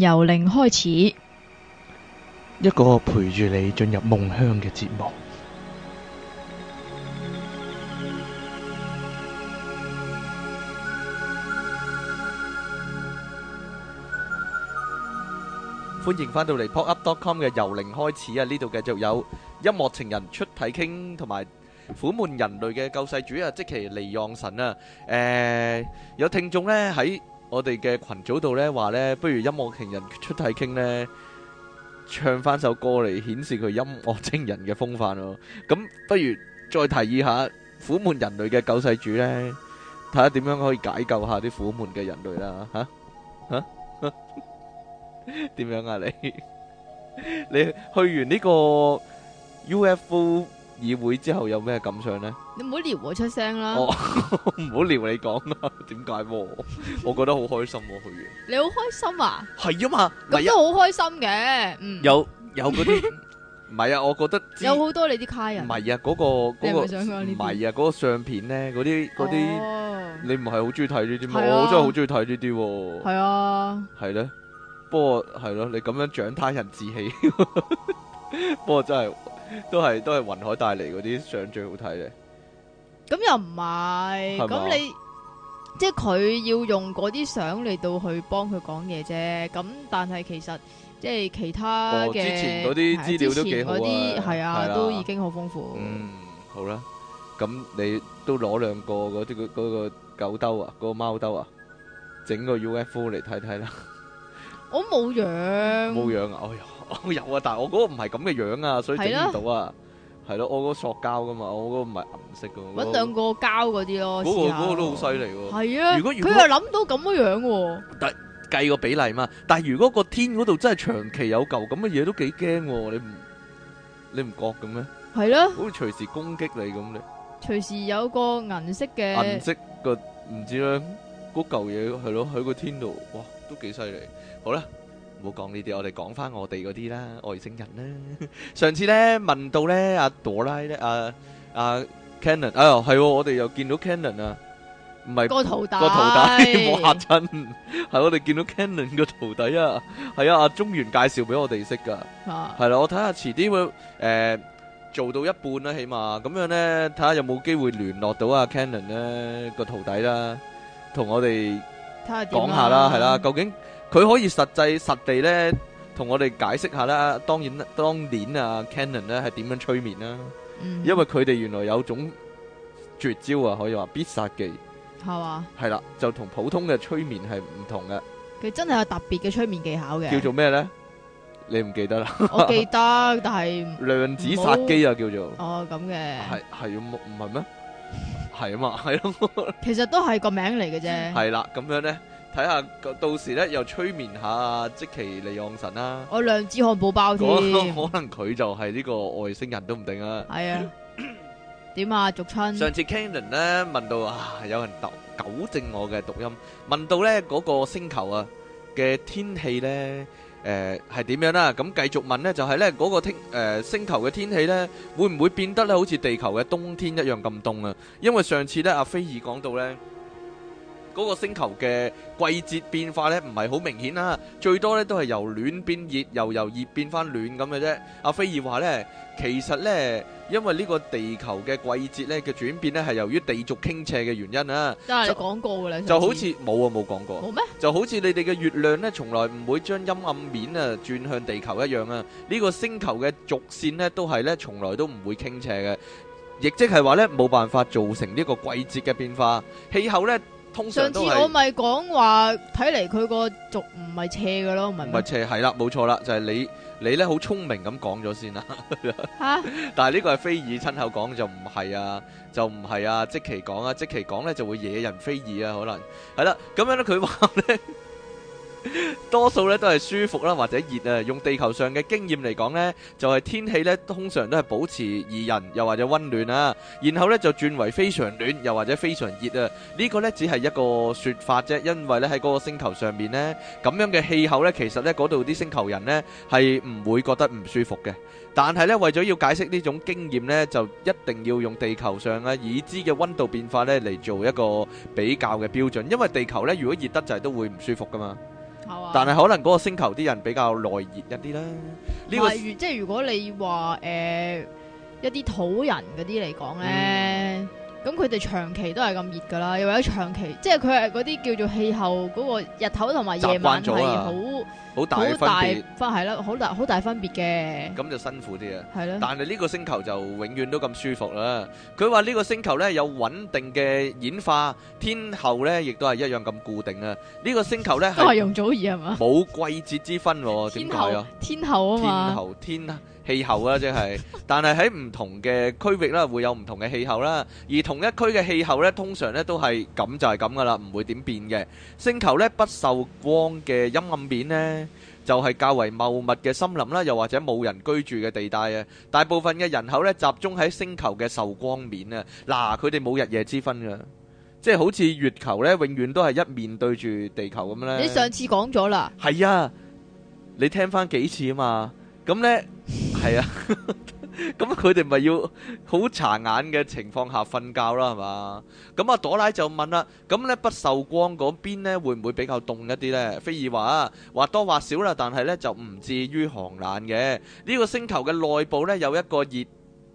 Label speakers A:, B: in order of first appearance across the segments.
A: 由零開始，
B: 一個陪住你進入夢鄉嘅節目。歡迎翻到嚟 PodUp.com 嘅由零開始啊！呢度繼續有音樂情人出體傾，同埋苦悶人類嘅救世主啊！即其離讓神啊！誒，有聽眾呢喺。我哋嘅群組度呢話呢，不如音樂情人出嚟傾呢，唱翻首歌嚟顯示佢音樂情人嘅風範咯。咁不如再提議下苦悶人類嘅救世主呢，睇下點樣可以解救下啲苦悶嘅人類啦。吓吓，點樣啊你？你去完呢個 UFO？議會之後有咩感想呢？
A: 你唔好撩我出聲啦、oh,！哦，唔
B: 好撩你講啦，點解？我我覺得好開心喎，佢嘅
A: 你好開心啊？係啊嘛，真
B: 係好開心嘅、啊，咁都好開心嘅 嗯有。有有嗰啲，唔係啊，我覺得 有好
A: 多你啲卡人，唔
B: 係啊，嗰個嗰個，唔、那、係、個、啊，嗰、嗰個相片咧，嗰啲啲，oh. 你唔係好中意睇呢啲嘛？ 我真係好中意睇呢啲，係
A: 啊，
B: 係咧，不過係咯，你咁樣長他人志氣，不過真係。都係都係雲海帶嚟嗰啲相最好睇嘅，
A: 咁又唔係，咁你即係佢要用嗰啲相嚟到去幫佢講嘢啫，咁但係其實即係其他嘅之前嗰啲資料都幾好啊，係啊，都已經好豐富。嗯，
B: 好啦，咁你都攞兩個嗰啲嗰嗰個狗兜啊，嗰個貓兜啊，整個 UFO 嚟睇睇啦。
A: 我冇養，冇
B: 養啊！哎呀～我有啊，但係我嗰個唔係咁嘅樣啊，所以整唔到啊。係咯，我個塑膠噶嘛，我嗰個唔係銀色噶。搵兩
A: 個膠嗰啲咯，嗰個嗰個都好
B: 犀利。係啊，如果佢又諗
A: 到咁嘅樣，但
B: 係計個比例嘛。但係如果個天嗰度真係長期有嚿咁嘅嘢，都幾驚。你唔你唔覺嘅咩？
A: 係咯，好
B: 似隨時攻擊你咁咧。
A: 隨時有個銀色嘅銀色
B: 個唔知咧，嗰嚿嘢係咯喺個天度，哇，都幾犀利。好啦。唔好講呢啲，我哋講翻我哋嗰啲啦，外星人咧。上次咧問到咧阿朵拉咧，阿阿 Cannon 啊，係我哋又見到 Cannon 啊，唔係個徒弟個徒弟，冇嚇親，係我哋見到 Cannon 個徒弟啊，係啊，阿中原介紹俾我哋識噶，係啦，我睇下遲啲會誒做到一半啦，起碼咁樣咧，睇下有冇機會聯絡到阿 Cannon 咧個徒弟啦，同我哋
A: 睇下講下啦，係
B: 啦，究竟。佢可以實際實地咧，同我哋解釋下啦。當然，當年啊，Canon 咧係點樣催眠啦，嗯？因為佢哋原來有種絕招啊，可以話必殺技係嘛？係啦，就同普通嘅催眠係唔同嘅。
A: 佢真係有特別嘅催眠技巧嘅。叫做
B: 咩咧？你唔記得啦？我記
A: 得，但係
B: 量子殺機啊，叫做哦
A: 咁嘅係
B: 係唔唔係咩？係啊嘛，係咯。
A: 其實都係個名嚟嘅啫。係
B: 啦，咁樣咧。睇下到時咧又催眠下啊，即其利盎神啦，
A: 我兩支漢堡包添。可
B: 能佢就係呢個外星人都唔定啊。係啊，
A: 點啊，族親。上
B: 次 Cannon 咧問到啊，有人糾糾正我嘅讀音，問到咧嗰個星球啊嘅天氣咧，誒係點樣啦？咁繼續問咧，就係咧嗰個天誒星球嘅天氣咧，會唔會變得咧好似地球嘅冬天一樣咁凍啊？因為上次咧阿菲爾講到咧。嗰個星球嘅季節變化呢，唔係好明顯啦，最多呢，都係由暖變熱，由由熱變翻暖咁嘅啫。阿飛兒話呢，其實呢，因為呢個地球嘅季節呢嘅轉變呢，係由於地軸傾斜嘅原因啊。
A: 就係講過就好似
B: 冇啊冇講過。冇咩？就好似、啊、你哋嘅月亮呢，從來唔會將陰暗面啊轉向地球一樣啊。呢個星球嘅軸線呢，都係呢，從來都唔會傾斜嘅，亦即係話呢，冇辦法造成呢個季節嘅變化氣候呢。通常上次我咪
A: 講話，睇嚟佢個族唔係斜嘅咯，唔係咩？唔係
B: 斜，係啦，冇錯啦，就係、是、你你咧好聰明咁講咗先啦。嚇、 啊！但係呢個係菲爾親口講就唔係啊，就唔係啊，即其講啊，即其講咧就會惹人非議啊，可能係啦。咁樣咧佢話咧。 多數咧都係舒服啦，或者熱啊。用地球上嘅經驗嚟講呢就係、是、天氣呢通常都係保持宜人，又或者溫暖啊。然後呢就轉為非常暖，又或者非常熱啊。呢、這個呢只係一個說法啫，因為呢喺嗰個星球上面呢，咁樣嘅氣候呢，其實呢嗰度啲星球人呢係唔會覺得唔舒服嘅。但係呢，為咗要解釋呢種經驗呢，就一定要用地球上咧已知嘅溫度變化呢嚟做一個比較嘅標準，因為地球呢，如果熱得滯都會唔舒服噶嘛。但係可能嗰個星球啲人比較耐熱一啲啦。例如、呢個，
A: 即係如果你話誒、呃、一啲土人嗰啲嚟講呢、嗯。咁佢哋長期都係咁熱噶啦，又或者長期，即係佢係嗰啲叫做氣候嗰、嗰個日頭同埋夜晚係好好大分係咯，好大好大分別嘅。
B: 咁、嗯、就辛苦啲啊。係咯。但係呢個星球就永遠都咁舒服啦。佢話呢個星球咧有穩定嘅演化，天候咧亦都係一樣咁固定啊。呢、呢個星球咧都係容
A: 祖兒係嘛？冇
B: 季節之分點解啊？天候啊嘛。天候，
A: 天，候天。天
B: 候天氣候啊，即係，但係喺唔同嘅區域啦，會有唔同嘅氣候啦。而同一區嘅氣候呢，通常呢都係咁就係咁噶啦，唔會點變嘅。星球呢不受光嘅陰暗面呢，就係較為茂密嘅森林啦，又或者冇人居住嘅地帶啊。大部分嘅人口呢，集中喺星球嘅受光面啊。嗱，佢哋冇日夜之分㗎，即係好似月球呢，永遠都係一面對住地球咁呢。你上
A: 次講咗啦，
B: 係啊，你聽翻幾次啊嘛？咁呢，係啊，咁佢哋咪要好查眼嘅情況下瞓覺啦，係嘛？咁啊，朵拉就問啦，咁呢，不受光嗰邊呢，會唔會比較凍一啲呢？菲爾話或多或少啦，但係呢就唔至於寒冷嘅。呢個星球嘅內部呢，有一個熱。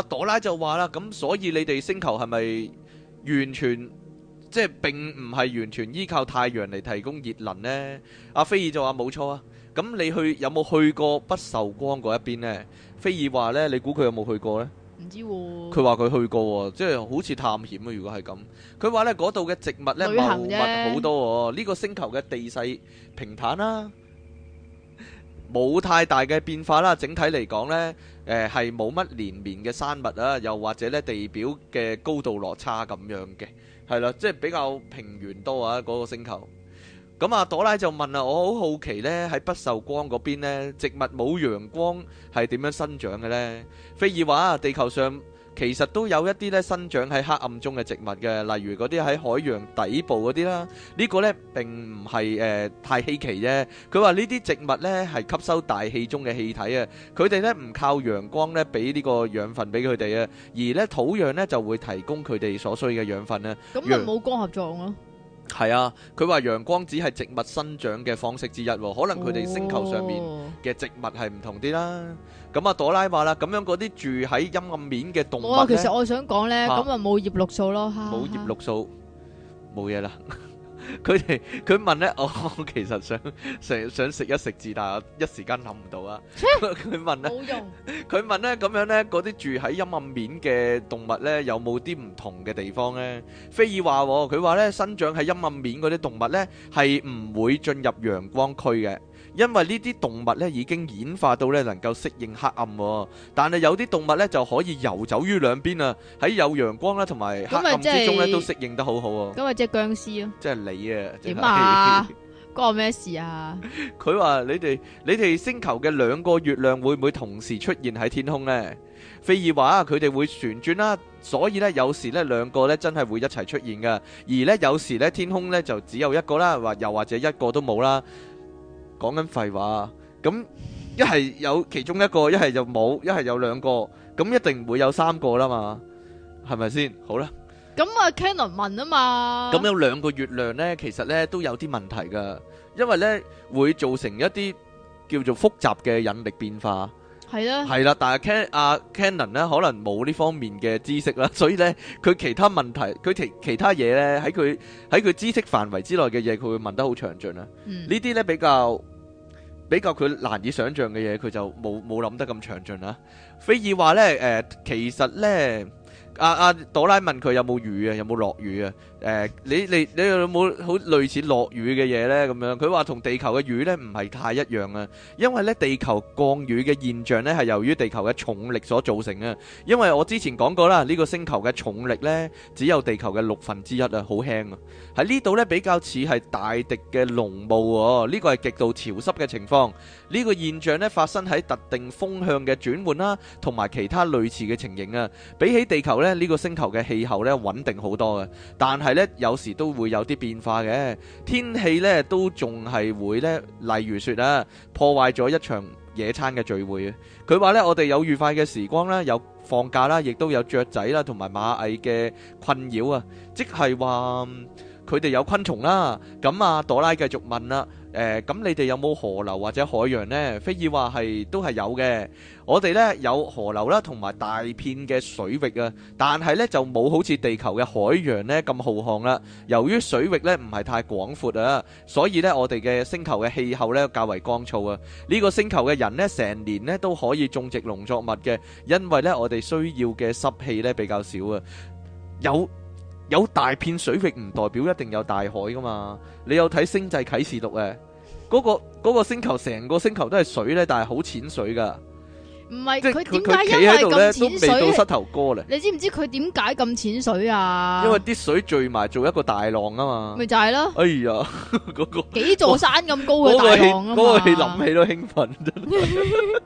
B: 朵拉就話啦，咁所以你哋星球係咪完全即係、就是、並唔係完全依靠太陽嚟提供熱能呢？阿菲爾就話冇錯啊，咁你去有冇去過不受光嗰一邊呢？菲爾話呢，你估佢有冇去過呢？唔
A: 知喎、哦。佢
B: 話佢去過喎，即係好似探險啊！如果係咁，佢話呢嗰度嘅植物呢，茂密好多、哦，呢、這個星球嘅地勢平坦啦，冇太大嘅變化啦，整體嚟講呢。誒係冇乜連綿嘅山脈啊，又或者呢地表嘅高度落差咁樣嘅，係啦，即係比較平原多啊嗰、那個星球。咁啊，朵拉就問啦，我好好奇呢，喺不受光嗰邊呢，植物冇陽光係點樣生長嘅呢？非爾話、啊：地球上。其實都有一啲咧生長喺黑暗中嘅植物嘅，例如嗰啲喺海洋底部嗰啲啦。呢個咧並唔係誒太稀奇啫。佢話呢啲植物咧係吸收大氣中嘅氣體啊，佢哋咧唔靠陽光咧俾呢個養分俾佢哋啊，而咧土壤咧就會提供佢哋所需嘅養分咧。咁咪冇
A: 光合作用咯。
B: 係啊，佢話陽光只係植物生長嘅方式之一，可能佢哋星球上面嘅植物係唔同啲啦。咁、oh. 啊朵拉話啦，咁樣嗰啲住喺陰暗面嘅動物啊。Oh, 其實我
A: 想講咧，咁啊冇葉綠素咯嚇，冇葉綠
B: 素，冇嘢啦。 佢哋佢問咧，我、哦、其實想想想食一食字，但係我一時間諗唔到啊。佢 問咧，冇用。佢 問咧咁樣咧，嗰啲住喺陰暗面嘅動物咧，有冇啲唔同嘅地方咧？菲爾話、哦，佢話咧生長喺陰暗面嗰啲動物咧，係唔會進入陽光區嘅。因為呢啲動物咧已經演化到咧能夠適應黑暗，但係有啲動物咧就可以游走於兩邊啊！喺有陽光咧同埋黑暗之中咧都適應得好好。咁
A: 咪即係僵屍咯？
B: 即係你啊？點啊？
A: 關我咩事啊？
B: 佢話你哋你哋星球嘅兩個月亮會唔會同時出現喺天空咧？菲爾話啊，佢哋會旋轉啦，所以咧有時咧兩個咧真係會一齊出現㗎，而咧有時咧天空咧就只有一個啦，或又或者一個都冇啦。講緊廢話啊！咁一係有其中一個，一係就冇，一係有兩個，咁一定唔會有三個啦嘛，係咪先？好啦，
A: 咁啊，Cannon 問啊嘛。咁
B: 有兩個月亮咧，其實咧都有啲問題㗎，因為咧會造成一啲叫做複雜嘅引力變化。
A: 係啦，
B: 係啦，但係 Cannon 啊，Cannon 咧可能冇呢方面嘅知識啦，所以咧佢其他問題，佢其其他嘢咧喺佢喺佢知識範圍之內嘅嘢，佢會問得好詳盡啊。嗯，呢啲咧比較，比較佢難以想像嘅嘢，佢就冇冇諗得咁詳盡啦。菲爾話咧、呃，其實咧，阿、啊啊、朵拉問佢有冇雨啊，有冇落雨啊？誒、呃，你你你有冇好類似落雨嘅嘢呢？咁樣佢話同地球嘅雨呢唔係太一樣啊，因為呢地球降雨嘅現象呢係由於地球嘅重力所造成啊。因為我之前講過啦，呢、這個星球嘅重力呢只有地球嘅六分之一啊，好輕啊。喺呢度呢比較似係大滴嘅濃霧喎，呢、這個係極度潮濕嘅情況。呢、這個現象呢發生喺特定風向嘅轉換啦，同埋其他類似嘅情形啊。比起地球呢，呢、這個星球嘅氣候呢穩定好多嘅，但係。咧有時都會有啲變化嘅天氣咧，都仲係會咧，例如說啦，破壞咗一場野餐嘅聚會啊。佢話咧，我哋有愉快嘅時光啦，有放假啦，亦都有雀仔啦，同埋螞蟻嘅困擾啊，即係話佢哋有昆蟲啦。咁 啊，朵拉繼續問啦。 嗯 誒，咁你哋有冇河流或者海洋呢？菲爾話，係都係有嘅，我哋呢有河流啦，同埋大片嘅水域啊，但係呢就冇好似地球嘅海洋呢咁浩瀚啦。由於水域呢唔係太廣闊啊，所以呢我哋嘅星球嘅氣候呢較為乾燥啊。呢個星球嘅人呢成年呢都可以種植農作物嘅，因為呢我哋需要嘅濕氣呢比較少啊。有。有大片水域唔代表一定有大海噶嘛？你有睇《星際啟示錄》嘅嗰個個星球，成個星球都係水咧，但係好淺水噶。
A: 唔係，佢點解一係咁淺水？都未到膝
B: 頭哥咧？你
A: 知唔知佢點解咁淺水啊？因為
B: 啲水聚埋做一個大浪啊嘛。咪就係、是、咯。哎呀，嗰、那個幾座山咁高嘅大浪啊，嗰、那個氣諗、那個那個、起都興奮。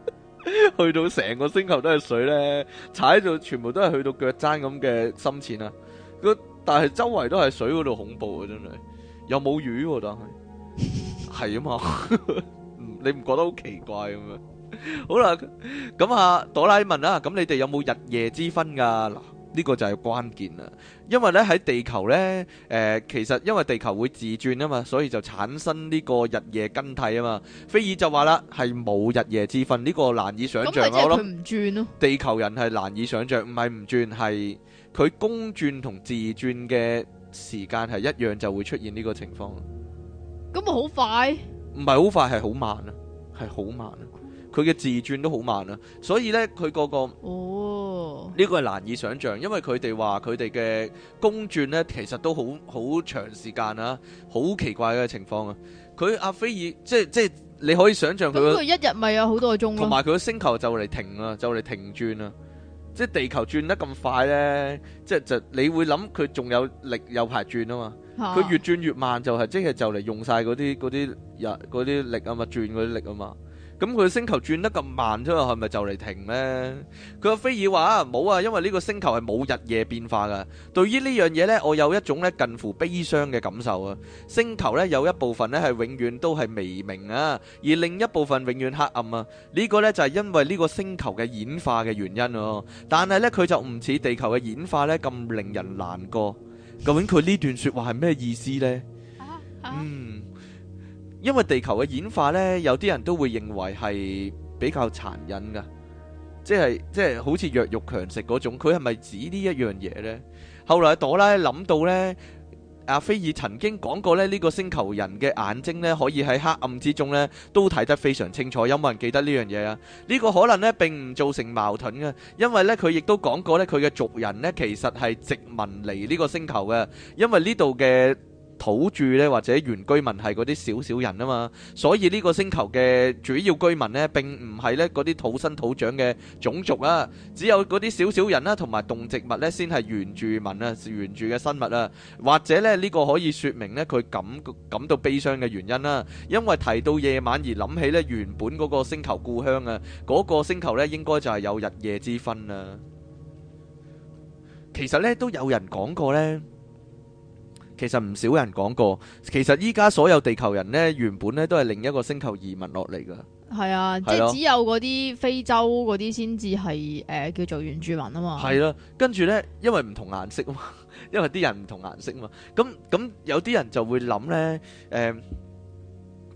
B: 去到成個星球都係水咧，踩到全部都係去到腳踭咁嘅深淺啊！那個但係周圍都係水，嗰度恐怖啊！真係又冇魚，但係係啊嘛，你唔覺得好奇怪咁樣？好啦，咁啊朵拉問啦，咁你哋有冇日夜之分噶？嗱，呢個就係關鍵啦，因為咧喺地球咧，誒其實因為地球會自轉啊嘛，所以就產生呢個日夜更替啊嘛。菲爾就話啦，係冇日夜之分呢個難以想象咯。地球人係難以想象，唔係唔轉係。佢公轉同自轉嘅時間係一樣，就會出現呢個情況。
A: 咁啊，好快？
B: 唔係好快，係好慢啊，係好慢啊。佢嘅自轉都好慢啊，所以呢，佢，嗰個個哦呢個係難以想象，因為佢哋話佢哋嘅公轉呢其實都好好長時間啊，好奇怪嘅情況啊。佢阿菲爾即係即係你可以想象佢。咁佢
A: 一日咪有好多個鐘。同
B: 埋佢個星球就嚟停啦，就嚟停轉啦。即係地球轉得咁快咧，即係就你會諗佢仲有力有排轉啊嘛，佢越轉越慢就係、是、即係就嚟用曬嗰啲嗰啲日嗰啲力啊嘛，轉嗰啲力啊嘛。咁佢嘅星球轉得咁慢，咋係咪就嚟停咧？佢阿菲爾話：啊，冇啊，因為呢個星球係冇日夜變化嘅。對於呢樣嘢咧，我有一種咧近乎悲傷嘅感受啊。星球咧有一部分咧係永遠都係微明啊，而另一部分永遠黑暗啊。呢個咧就係因為呢個星球嘅演化嘅原因咯。但係咧佢就唔似地球嘅演化咧咁令人難過。究竟佢呢段説話係咩意思咧？嗯。因為地球嘅演化呢，有啲人都會認為係比較殘忍噶，即係即係好似弱肉強食嗰種。佢係咪指呢一樣嘢呢？後來朵拉諗到呢，阿菲爾曾經講過呢，呢個星球人嘅眼睛呢，可以喺黑暗之中呢都睇得非常清楚。有冇人記得呢樣嘢啊？呢個可能呢並唔造成矛盾噶，因為呢，佢亦都講過呢，佢嘅族人呢，其實係殖民嚟呢個星球嘅，因為呢度嘅。土著咧或者原居民係嗰啲少少人啊嘛，所以呢個星球嘅主要居民呢，並唔係呢嗰啲土生土長嘅種族啊，只有嗰啲少少人啦同埋動植物呢，先係原住民啊，原住嘅生物啊，或者呢，呢個可以説明呢，佢感感到悲傷嘅原因啦，因為提到夜晚而諗起呢原本嗰個星球故鄉啊，嗰個星球呢，應該就係有日夜之分呀。其實呢，都有人講過呢。其實唔少人講過，其實依家所有地球人呢，原本呢都係另一個星球移民落嚟噶。
A: 係啊，即、啊、只有嗰啲非洲嗰啲先至係誒叫做原住民啊嘛。係
B: 啦、啊，跟住呢，因為唔同顏色啊嘛，因為啲人唔同顏色啊嘛。咁咁有啲人就會諗呢，誒、呃，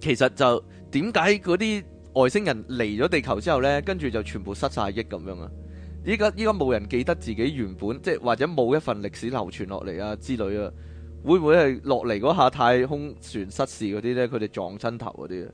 B: 其實就點解嗰啲外星人嚟咗地球之後呢，跟住就全部失晒憶咁樣啊？依家依家冇人記得自己原本，即係或者冇一份歷史流傳落嚟啊之類啊。會唔會係落嚟，嗰下太空船失事嗰啲呢？佢哋撞親頭嗰啲，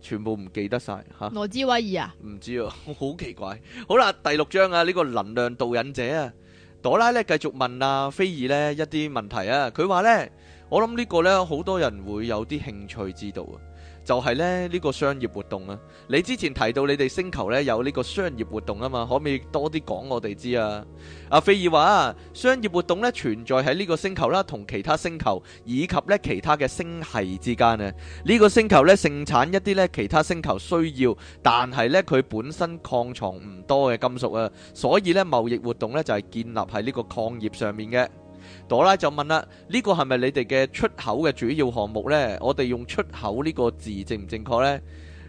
B: 全部唔記得晒吓。羅
A: 斯威爾啊？
B: 唔知啊，好奇怪。好啦，第六章啊，呢、這個能量導引者啊，朵拉呢，繼續問阿、啊、菲兒呢一啲問題啊。佢話呢，我諗呢個呢，好多人會有啲興趣知道啊。就係咧呢個商業活動啊！你之前提到你哋星球咧有呢個商業活動啊嘛，可唔可以多啲講我哋知啊？阿菲爾話，商業活動咧存在喺呢個星球啦，同其他星球以及咧其他嘅星系之間啊。呢、呢個星球咧盛產一啲咧其他星球需要，但係咧佢本身礦藏唔多嘅金屬啊，所以咧貿易活動咧就係、係、建立喺呢個礦業上面嘅。朵拉就問啦：呢個係咪你哋嘅出口嘅主要項目呢？我哋用出口呢個字正唔正確呢？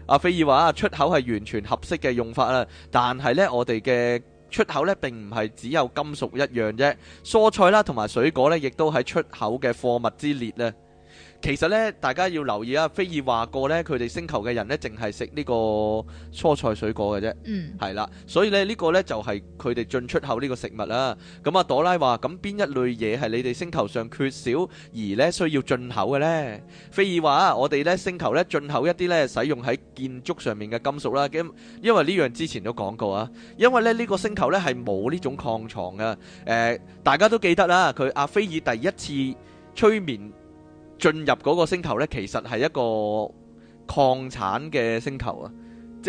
B: 阿菲爾話出口係完全合適嘅用法啦。但係呢，我哋嘅出口呢並唔係只有金屬一樣啫，蔬菜啦同埋水果呢，亦都喺出口嘅貨物之列呢。其實咧，大家要留意啊。菲爾話過咧，佢哋星球嘅人咧，淨係食呢個蔬菜水果嘅啫。嗯，係啦，所以咧呢個咧就係佢哋進出口呢個食物啦。咁、嗯、啊，朵拉話：，咁邊一類嘢係你哋星球上缺少而咧需要進口嘅咧？菲爾話、啊：，我哋咧星球咧進口一啲咧使用喺建築上面嘅金屬啦。因為呢樣之前都講過啊，因為咧呢、這個星球咧係冇呢種礦床㗎。誒、呃，大家都記得啦，佢阿菲爾第一次催眠。進入嗰個星球呢，其實係一個礦產嘅星球啊。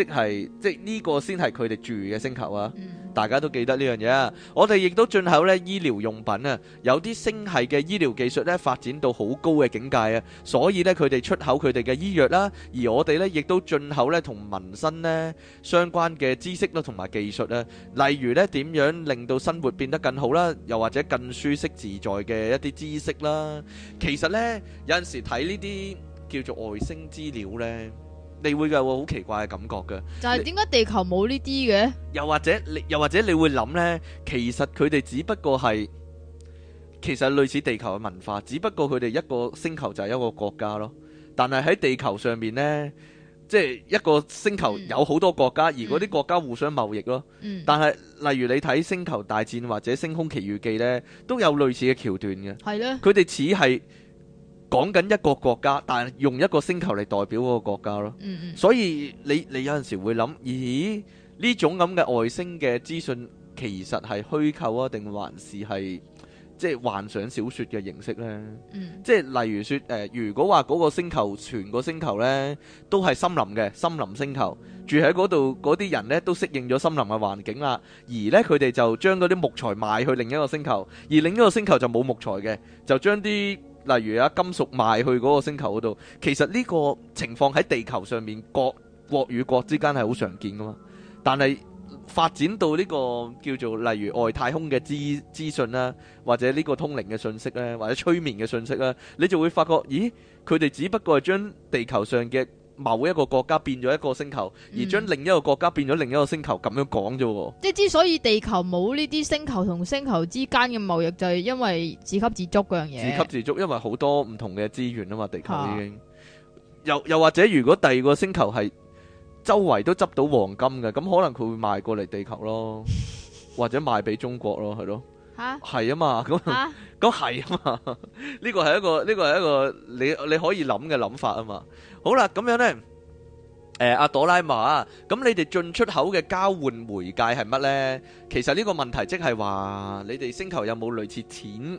B: 即係即係呢個先係佢哋住嘅星球啊！大家都記得呢樣嘢啊。我哋亦都進口呢醫療用品啊，有啲星系嘅醫療技術呢發展到好高嘅境界啊，所以呢佢哋出口佢哋嘅醫藥啦，而我哋呢亦都進口呢同民生呢相關嘅知識咯，同埋技術啦，例如呢點樣令到生活變得更好啦，又或者更舒適自在嘅一啲知識啦。其實呢有陣時睇呢啲叫做外星資料呢。你會有個好奇怪嘅感覺嘅。就係點
A: 解地球冇呢啲嘅？
B: 又或者你，又或者你會諗呢？其實佢哋只不過係，其實類似地球嘅文化，只不過佢哋一個星球就係一個國家咯。但係喺地球上面呢，即係一個星球有好多國家，而嗰啲國家互相貿易咯。但係例如你睇《星球大戰》或者《星空奇遇記》呢，都有類似嘅橋段嘅。佢哋似係。講緊一個國家，但係用一個星球嚟代表嗰個國家咯。嗯嗯。所以你你有陣時會諗，咦？呢種咁嘅外星嘅資訊，其實係虛構啊，定還是係即係幻想小說嘅形式呢？Mm -hmm. 即係例如說，誒、呃，如果話嗰個星球，全個星球呢都係森林嘅，森林星球住喺嗰度，嗰啲人呢都適應咗森林嘅環境啦。而呢，佢哋就將嗰啲木材賣去另一個星球，而另一個星球就冇木材嘅，就將啲。例如啊，金屬賣去嗰個星球嗰度，其實呢個情況喺地球上面國國與國之間係好常見㗎嘛。但係發展到呢個叫做例如外太空嘅資資訊啦，或者呢個通靈嘅信息咧，或者催眠嘅信息啦，你就會發覺，咦，佢哋只不過係將地球上嘅。某一個國家變咗一個星球，而將另一個國家變咗另一個星球咁、嗯、樣講咗喎。
A: 即之所以地球冇呢啲星球同星球之間嘅貿易，就係因為自給自足嗰樣嘢。自給
B: 自足，因為好多唔同嘅資源啊嘛，地球已經、啊、又又或者，如果第二個星球係周圍都執到黃金嘅，咁可能佢會賣過嚟地球咯， 或者賣俾中國咯，係咯。係啊嘛，咁咁係啊嘛，呢個係一個呢個係一個你你可以諗嘅諗法啊嘛。好啦，咁樣咧，誒阿朵拉瑪，咁你哋進出口嘅交換媒介係乜咧？其實呢個問題即係話，你哋星球有冇類似錢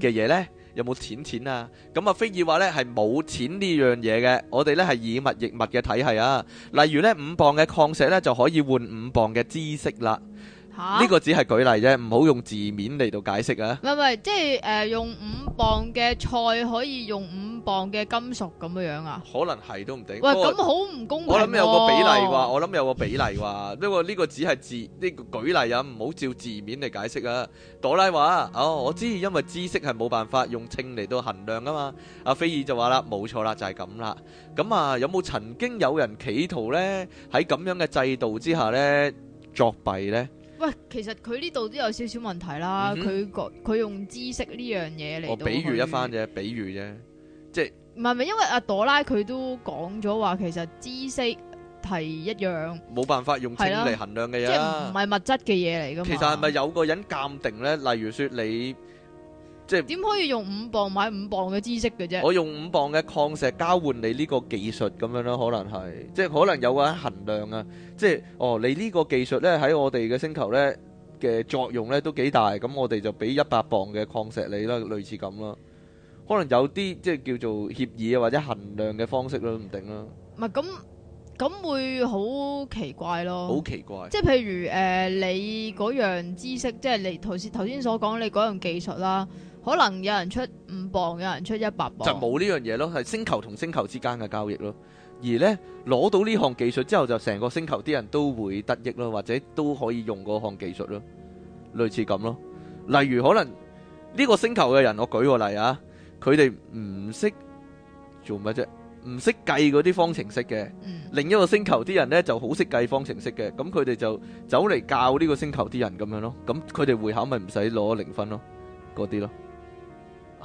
B: 嘅嘢咧？有冇錢錢啊？咁啊菲爾話咧係冇錢呢樣嘢嘅，我哋咧係以物易物嘅體系啊。例如咧五磅嘅礦石咧就可以換五磅嘅知識啦。呢個只係舉例啫，唔好用字面嚟到解釋啊！唔
A: 係唔係，即係誒、呃，用五磅嘅菜可以用五磅嘅金屬咁樣樣啊？可
B: 能係都唔定。喂，咁
A: 好唔公平，啊！我諗有個比例話，
B: 我諗有個比例話，不過呢個只係字呢個舉例啊，唔好照字面嚟解釋啊！朵拉話哦，我知，因為知識係冇辦法用稱嚟到衡量噶嘛。阿菲爾就話啦，冇錯啦，就係咁啦。咁啊，有冇曾經有人企圖咧喺咁樣嘅制度之下咧作弊咧？
A: 喂，其實佢呢度都有少少問題啦。佢覺佢用知識呢樣嘢嚟比喻一番
B: 啫，比喻啫，即係
A: 唔係唔係因為阿朵拉佢都講咗話，其實知識係一樣
B: 冇辦法用錢嚟衡量嘅嘢啦，對
A: 啦，即係唔係物質嘅嘢嚟㗎嘛。其實係
B: 咪有個人鑑定咧？例如說你。點
A: 可以用五磅買五磅嘅知識嘅啫？我用五
B: 磅嘅礦石交換你呢個技術咁樣咯，可能係即係可能有個衡量啊，即係哦，你呢個技術咧喺我哋嘅星球咧嘅作用咧都幾大，咁我哋就俾一百磅嘅礦石你啦，類似咁咯，可能有啲即係叫做協議或者衡量嘅方式啦，唔定啦。
A: 唔係咁咁會好奇怪咯？好奇怪！即係譬如誒、呃，你嗰樣知識，即係你頭先頭先所講你嗰樣技術啦。可能有人出五磅，有人出一百磅，就冇
B: 呢樣嘢咯，係星球同星球之間嘅交易咯。而呢攞到呢項技術之後，就成個星球啲人都會得益咯，或者都可以用嗰項技術咯，類似咁咯。例如可能呢個星球嘅人，我舉個例啊，佢哋唔識做乜啫，唔識計嗰啲方程式嘅。另一個星球啲人呢就好識計方程式嘅，咁佢哋就走嚟教呢個星球啲人咁樣咯，咁佢哋會考咪唔使攞零分咯，嗰啲咯。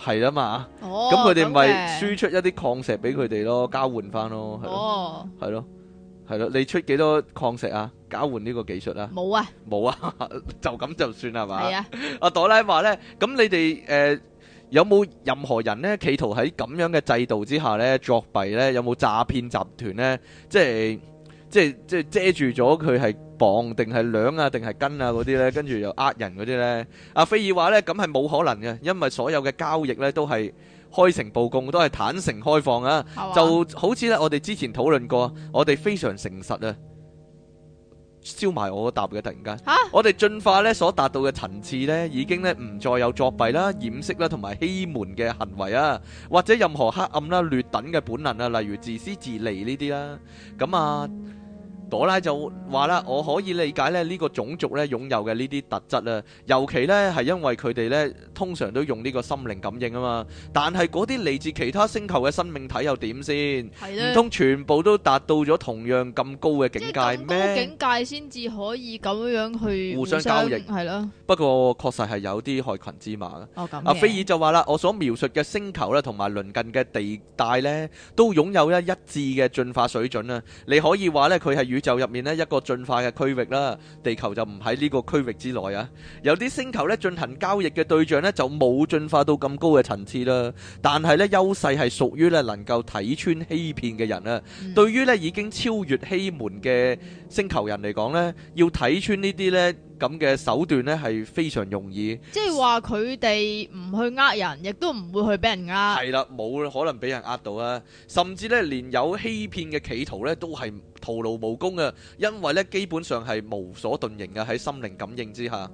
B: 係啊嘛，咁佢哋咪輸出一啲礦石俾佢哋咯，交換翻咯，係、哦、咯，係咯，係咯，你出幾多礦石啊？交換呢個技術啊，冇啊，冇啊，啊 就咁就算係嘛，阿朵、啊、拉話咧，咁你哋誒、呃、有冇任何人咧企圖喺咁樣嘅制度之下咧作弊咧？有冇詐騙集團咧？即係。即係即係遮住咗佢係磅定係兩啊定係斤啊嗰啲呢，跟住又呃人嗰啲呢。阿菲爾話呢，咁係冇可能嘅，因為所有嘅交易呢都係開誠布公，都係坦誠開放啊。好啊就好似呢，我哋之前討論過，我哋非常誠實啊，燒埋我答案嘅突然間。吓、啊，我哋進化呢所達到嘅層次呢，已經呢唔再有作弊啦、掩飾啦，同埋欺瞞嘅行為啊，或者任何黑暗啦、劣等嘅本能啊，例如自私自利呢啲啦。咁啊。朵拉就話啦，我可以理解咧呢個種族咧擁有嘅呢啲特質啊，尤其咧係因為佢哋咧通常都用呢個心靈感應啊嘛。但係嗰啲嚟自其他星球嘅生命體又點先？唔通全部都達到咗同樣咁高嘅境界咩？係境
A: 界先至可以咁樣去互相交易係咯。
B: 不過確實係有啲害群之馬嘅。阿、哦啊、菲爾就話啦，我所描述嘅星球咧，同埋鄰近嘅地帶咧，都擁有咧一致嘅進化水準啊。你可以話咧佢係宇宙入面呢，一個進化嘅區域啦，地球就唔喺呢個區域之內啊。有啲星球呢，進行交易嘅對象呢，就冇進化到咁高嘅層次啦。但係呢，優勢係屬於呢，能夠睇穿欺騙嘅人啊、嗯。對於呢已經超越欺瞞嘅星球人嚟講呢，要睇穿呢啲呢咁嘅手段呢，係非常容易。
A: 即係話佢哋唔去呃人，亦都唔會去俾人呃。
B: 係啦，冇可能俾人呃到啊。甚至呢，連有欺騙嘅企圖呢，都係。徒勞無功啊！因為咧，基本上係無所遁形嘅喺心靈感應之下。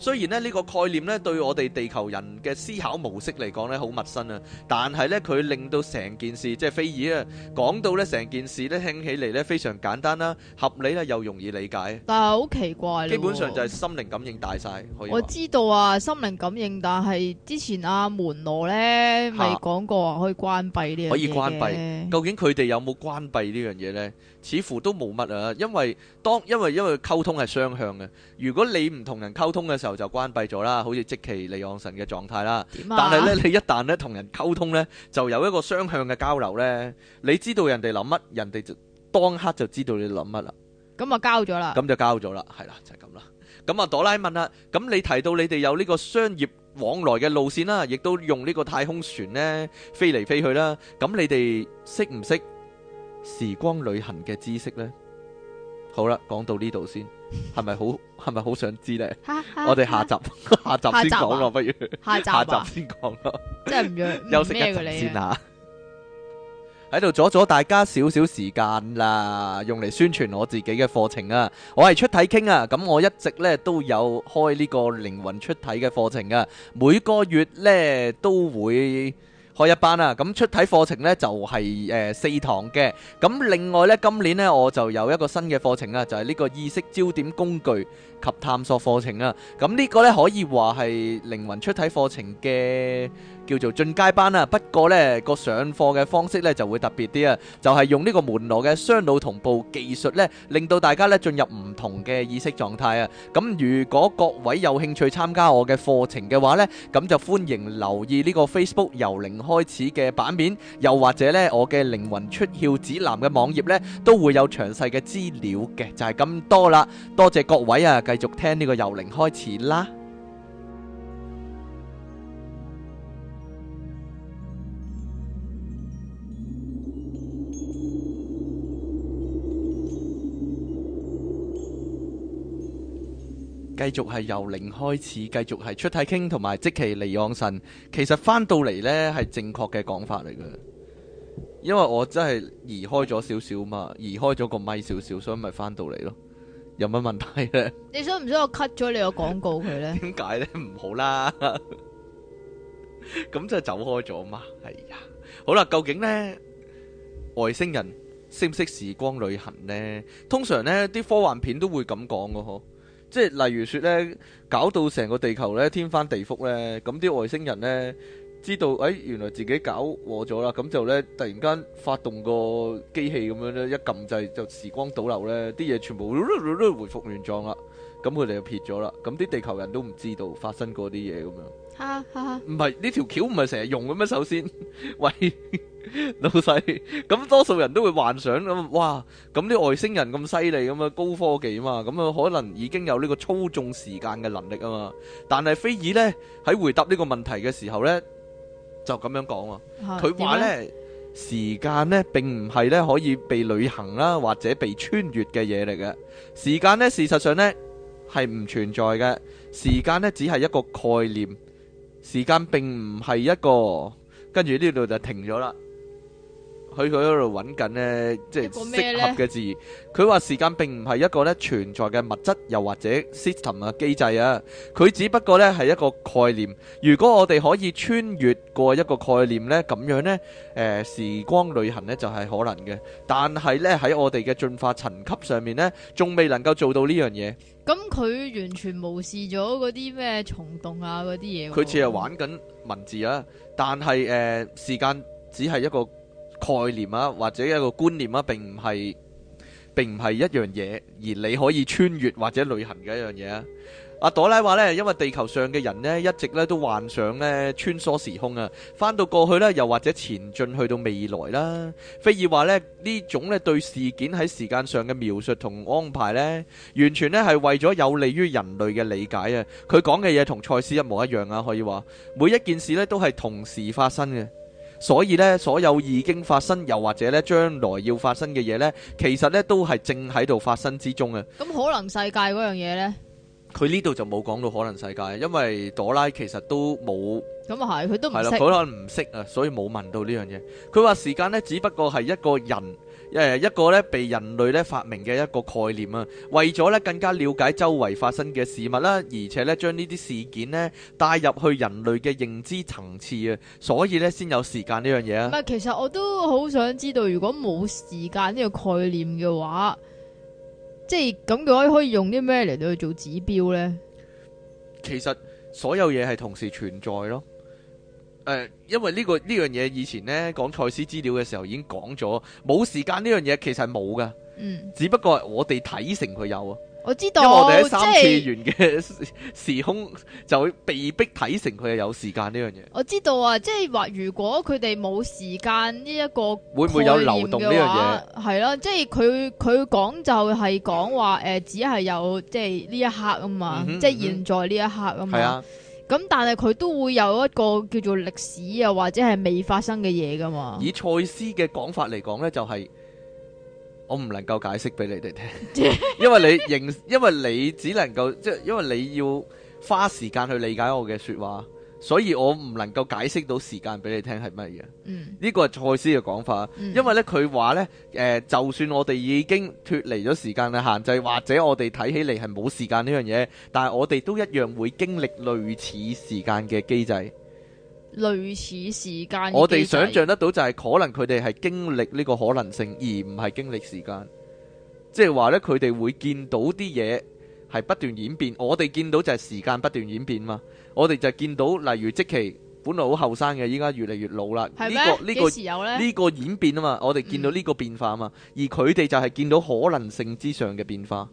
B: 雖然咧，呢個概念咧，對我哋地球人嘅思考模式嚟講咧，好陌生啊，但係咧，佢令到成件事即係菲爾啊講到咧，成件事咧，聽起嚟咧，非常簡單啦，合理啦，又容易理解。
A: 但係好奇怪。基本上
B: 就係心靈感應大晒，可以。我知
A: 道啊，心靈感應，但係之前阿門羅咧咪講過話，可以關閉呢樣嘢。可以關閉。
B: 究竟佢哋有冇關閉呢樣嘢咧？似乎都冇乜啊，因為當因為因為溝通係雙向嘅。如果你唔同人溝通嘅時候就關閉咗啦，好似即期利昂神嘅狀態啦、點啊。但係咧，你一旦咧同人溝通咧，就有一個雙向嘅交流咧。你知道人哋諗乜，人哋就當刻就知道你諗乜啦。
A: 咁、就係、啊，交咗啦。
B: 咁就交咗啦，係啦，就係咁啦。咁啊，朵拉問啦，咁你提到你哋有呢個商業往來嘅路線啦、啊，亦都用呢個太空船咧飛嚟飛去啦、啊。咁你哋識唔識？時光旅行嘅知識呢，好啦，講到呢度先，係咪好係咪好想知呢？我哋下集 下集先講咯，不如下集先講咯，即係唔
A: 要休息一陣先吓。
B: 喺度阻咗大家少少時間啦，用嚟宣傳我自己嘅課程啊！我係出體傾啊，咁我一直呢都有開呢個靈魂出體嘅課程啊，每個月呢都會。開一班啦，咁出體課程呢就係、是、誒、呃、四堂嘅，咁另外呢，今年呢我就有一個新嘅課程啦、啊，就係、是、呢個意識焦點工具及探索課程啦、啊，咁呢個呢可以話係靈魂出體課程嘅。叫做進階班啊，不過呢個上課嘅方式呢就會特別啲啊，就係用呢個門羅嘅雙腦同步技術呢，令到大家呢進入唔同嘅意識狀態啊。咁如果各位有興趣參加我嘅課程嘅話呢，咁就歡迎留意呢個 Facebook 由零開始嘅版面，又或者呢我嘅靈魂出竅指南嘅網頁呢都會有詳細嘅資料嘅，就係咁多啦。多謝各位啊，繼續聽呢個由零開始啦。繼續係由零開始，繼續係出體傾同埋即其離往神，其實翻到嚟呢係正確嘅講法嚟嘅，因為我真係移開咗少少嘛，移開咗個咪少少，所以咪翻到嚟咯。有乜問題
A: 呢？你想唔想我 cut 咗你個廣告佢呢？點
B: 解呢？唔好啦，咁即係走開咗嘛？係、哎、呀，好啦，究竟呢？外星人識唔識時光旅行呢？通常呢啲科幻片都會咁講噶呵。即係例如說咧，搞到成個地球咧天翻地覆咧，咁啲外星人咧知道誒，原來自己搞錯咗啦，咁就咧突然間發動個機器咁樣咧一撳掣就時光倒流咧，啲嘢全部回復原狀啦，咁佢哋就撇咗啦，咁啲地球人都唔知道發生過啲嘢咁樣。
A: 吓
B: 吓，唔係呢條橋唔係成日用嘅咩？首先，喂。老細，咁多數人都會幻想咁，哇！咁啲外星人咁犀利咁啊，高科技嘛，咁啊，可能已經有呢個操縱時間嘅能力啊嘛。但係菲爾呢，喺回答呢個問題嘅時候呢，就咁樣講啊。佢、嗯、話呢，時間呢並唔係呢可以被旅行啦或者被穿越嘅嘢，嚟嘅。時間呢，事實上呢，係唔存在嘅。時間呢，只係一個概念，時間並唔係一個。跟住呢度就停咗啦。佢佢喺度揾緊呢，即係適合嘅字。佢話時間並唔係一個咧存在嘅物質，又或者 system 啊機制啊，佢只不過咧係一個概念。如果我哋可以穿越過一個概念呢，咁樣呢，誒、呃、時光旅行呢就係、是、可能嘅。但係呢，喺我哋嘅進化層級上面呢，仲未能夠做到呢樣嘢。
A: 咁佢完全無視咗嗰啲咩蟲洞啊、嗰啲嘢。佢似係玩
B: 緊文字啊，但係誒、呃、時間只係一個。概念啊，或者一個觀念啊，並唔係，並唔係一樣嘢，而你可以穿越或者旅行嘅一樣嘢啊。阿朵拉話咧，因為地球上嘅人咧，一直咧都幻想咧穿梭時空啊，翻到過去咧，又或者前進去到未來啦。菲爾話咧，這種呢種咧對事件喺時間上嘅描述同安排咧，完全咧係為咗有利於人類嘅理解啊。佢講嘅嘢同賽斯一模一樣啊，可以話每一件事咧都係同時發生嘅。所以咧，所有已經發生又或者咧將來要發生嘅嘢咧，其實咧都係正喺度發生之中嘅。
A: 咁可能世界嗰樣嘢咧，
B: 佢呢度就冇講到可能世界啊，因為朵拉其實都冇。
A: 咁啊係，佢都唔識啦，可能唔
B: 識啊，所以冇問到呢樣嘢。佢話時間咧，只不過係一個人。誒，一個咧被人類咧發明嘅一個概念啊，為咗咧更加了解周圍發生嘅事物啦，而且咧將呢啲事件咧帶入去人類嘅認知層次啊，所以咧先有時間呢樣嘢啊。
A: 其實我都好想知道，如果冇時間呢個概念嘅話，即係咁佢可以用啲咩嚟到去做指標呢？
B: 其實所有嘢係同時存在咯。誒，因為呢、這個呢樣嘢以前咧講賽斯資料嘅時候已經講咗，冇時間呢樣嘢其實冇噶，嗯、只不過我哋睇成佢有
A: 啊。我知道，我哋喺三次
B: 元嘅時空就會被逼睇成佢係有時間呢樣嘢。
A: 我知道啊，即係話如果佢哋冇時間呢一個，會唔會有流動呢樣嘢？係咯、啊，即係佢佢講就係講話誒，只係有即係呢一刻啊嘛，嗯嗯、即係現在呢一刻啊嘛。嗯。咁但係佢都會有一個叫做歷史啊，或者係未發生嘅嘢噶嘛以斯。以
B: 蔡司嘅講法嚟講呢，就係、是、我唔能夠解釋俾你哋聽， 因為你認，因為你只能夠即係，因為你要花時間去理解我嘅說話。所以我唔能夠解釋到時間俾你聽係乜嘢。嗯，呢、這個係賽斯嘅講法，嗯，因為咧佢話咧，誒、呃，就算我哋已經脫離咗時間嘅限制，或者我哋睇起嚟係冇時間呢樣嘢，但係我哋都一樣會經歷類似時間嘅機制。
A: 類似時間，我哋想象得
B: 到就係可能佢哋係經歷呢個可能性，而唔係經歷時間。即係話咧，佢哋會見到啲嘢係不斷演變，我哋見到就係時間不斷演變嘛。我哋就見到，例如積奇本來好後生嘅，依家越嚟越老啦。這個、呢個呢個呢個演變啊嘛，我哋見到呢個變化啊嘛。嗯、而佢哋就係見到可能性之上嘅變化，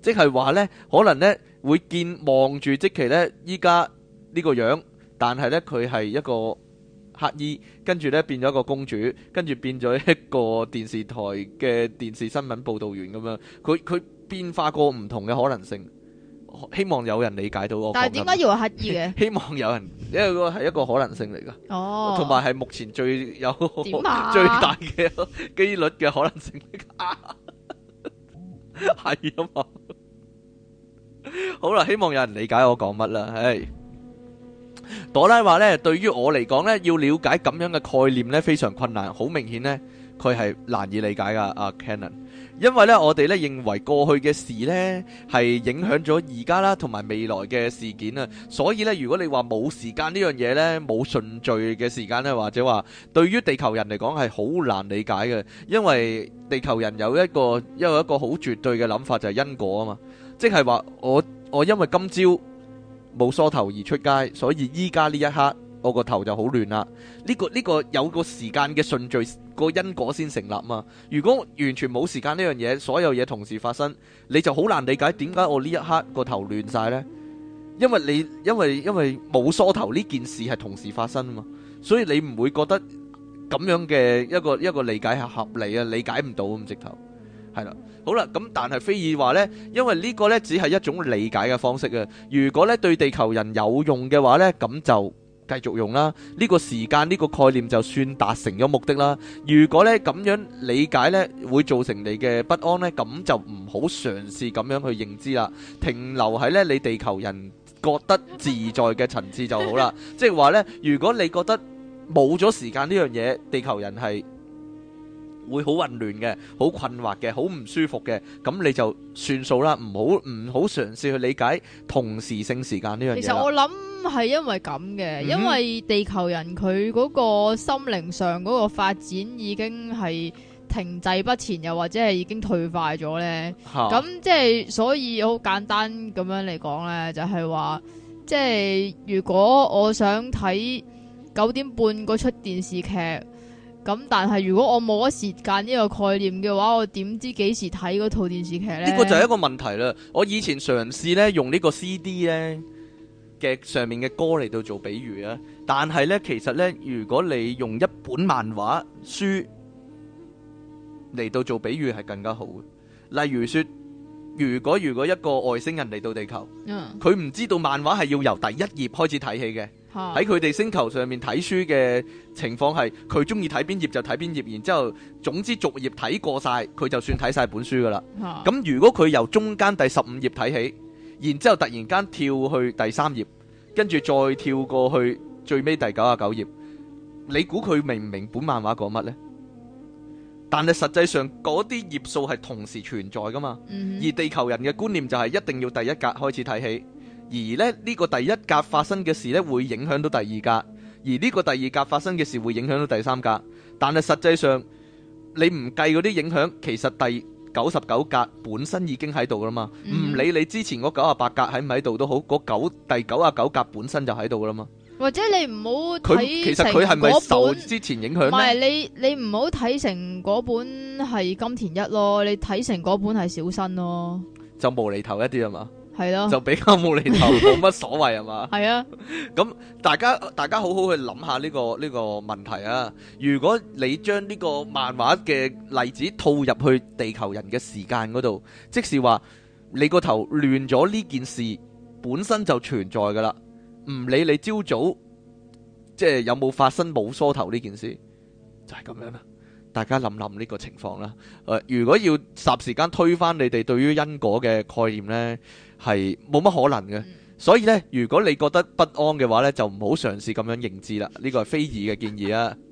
B: 即係話呢，可能呢會見望住積奇呢，依家呢個樣，但係呢，佢係一個乞兒，跟住呢變咗一個公主，跟住變咗一個電視台嘅電視新聞報道員咁樣。佢佢變化過唔同嘅可能性。希望有人理解到我講嘅話，但係點解要話
A: 刻意嘅？
B: 希望有人，因為個係一個可能性嚟噶。哦，同埋係目前最有最大嘅幾率嘅可能性。係啊嘛，好啦，希望有人理解我講乜啦。唉，朵拉話咧，對於我嚟講咧，要了解咁樣嘅概念咧，非常困難。好明顯咧。佢係難以理解㗎，阿 Canon，因為呢，我哋呢認為過去嘅事呢係影響咗而家啦，同埋未來嘅事件啊，所以呢，如果你話冇時間呢樣嘢呢，冇順序嘅時間呢，或者話對於地球人嚟講係好難理解嘅，因為地球人有一個因為一個好絕對嘅諗法就係、是、因果啊嘛，即係話我我因為今朝冇梳頭而出街，所以依家呢一刻。我個頭就好亂啦。呢個呢個有個時間嘅順序個因果先成立嘛。如果完全冇時間呢樣嘢，所有嘢同時發生，你就好難理解點解我呢一刻個頭亂晒呢？因為你因為因為冇梳頭呢件事係同時發生嘛，所以你唔會覺得咁樣嘅一個一個理解係合理啊？理解唔到咁直頭係啦。好啦，咁但係菲爾話呢，因為呢個呢只係一種理解嘅方式啊。如果呢對地球人有用嘅話呢，咁就。繼續用啦，呢個時間呢個概念就算達成咗目的啦。如果呢咁樣理解呢，會造成你嘅不安呢，咁就唔好嘗試咁樣去認知啦。停留喺呢你地球人覺得自在嘅層次就好啦。即係話呢，如果你覺得冇咗時間呢樣嘢，地球人係會好混亂嘅，好困惑嘅，好唔舒服嘅，咁你就算數啦，唔好，唔好嘗試去理解同時性時間呢樣嘢。其實我
A: 諗。咁、嗯、係因為咁嘅，因為地球人佢嗰個心靈上嗰個發展已經係停滯不前，又或者係已經退化咗呢，咁即係，所以好簡單咁樣嚟講呢，就係、是、話，即、就、係、是、如果我想睇九點半嗰出電視劇，咁但係如果我冇咗時間呢個概念嘅話，我點知幾時睇嗰套電視劇呢？呢個就係一
B: 個問題啦。我以前嘗試呢，用這個 CD 呢個 CD 呢。嘅上面嘅歌嚟到做比喻啊，但係咧，其實咧，如果你用一本漫畫書嚟到做比喻係更加好嘅。例如說，如果如果一個外星人嚟到地球，佢、mm. 唔知道漫畫係要由第一頁開始睇起嘅，喺佢哋星球上面睇書嘅情況係，佢中意睇邊頁就睇邊頁，然之後總之逐頁睇過晒，佢就算睇晒本書噶啦。咁、huh. 如果佢由中間第十五頁睇起。然之後突然間跳去第三頁，跟住再跳過去最尾第九啊九頁，你估佢明唔明本漫畫講乜呢？但係實際上嗰啲頁數係同時存在噶嘛？而地球人嘅觀念就係一定要第一格開始睇起，而咧呢、呢個第一格發生嘅事呢，會影響到第二格，而呢個第二格發生嘅事會影響到第三格，但係實際上你唔計嗰啲影響，其實第。九十九格本身已經喺度啦嘛，唔、嗯、理你之前嗰九啊八格喺唔喺度都好，嗰九第九啊九格本身就喺度啦嘛。
A: 或者你唔好佢，其實佢係咪受
B: 之前影響？唔係，你
A: 你唔好睇成嗰本係金田一咯，你睇成嗰本係小新咯，
B: 就無厘頭一啲啊嘛。係咯， 就比較冇厘頭，冇 乜所謂係嘛？係 對啊，咁 大家大家好好去諗下呢個呢、這個問題啊！如果你將呢個漫畫嘅例子套入去地球人嘅時間嗰度，即是話你個頭亂咗呢件事本身就存在噶啦，唔理你朝早即係、就是、有冇發生冇梳頭呢件事，就係、是、咁樣啦、啊。大家諗諗呢個情況啦。誒、呃，如果要霎時間推翻你哋對於因果嘅概念呢。係冇乜可能嘅，所以呢，如果你覺得不安嘅話呢就唔好嘗試咁樣認知啦。呢個係非議嘅建議啊。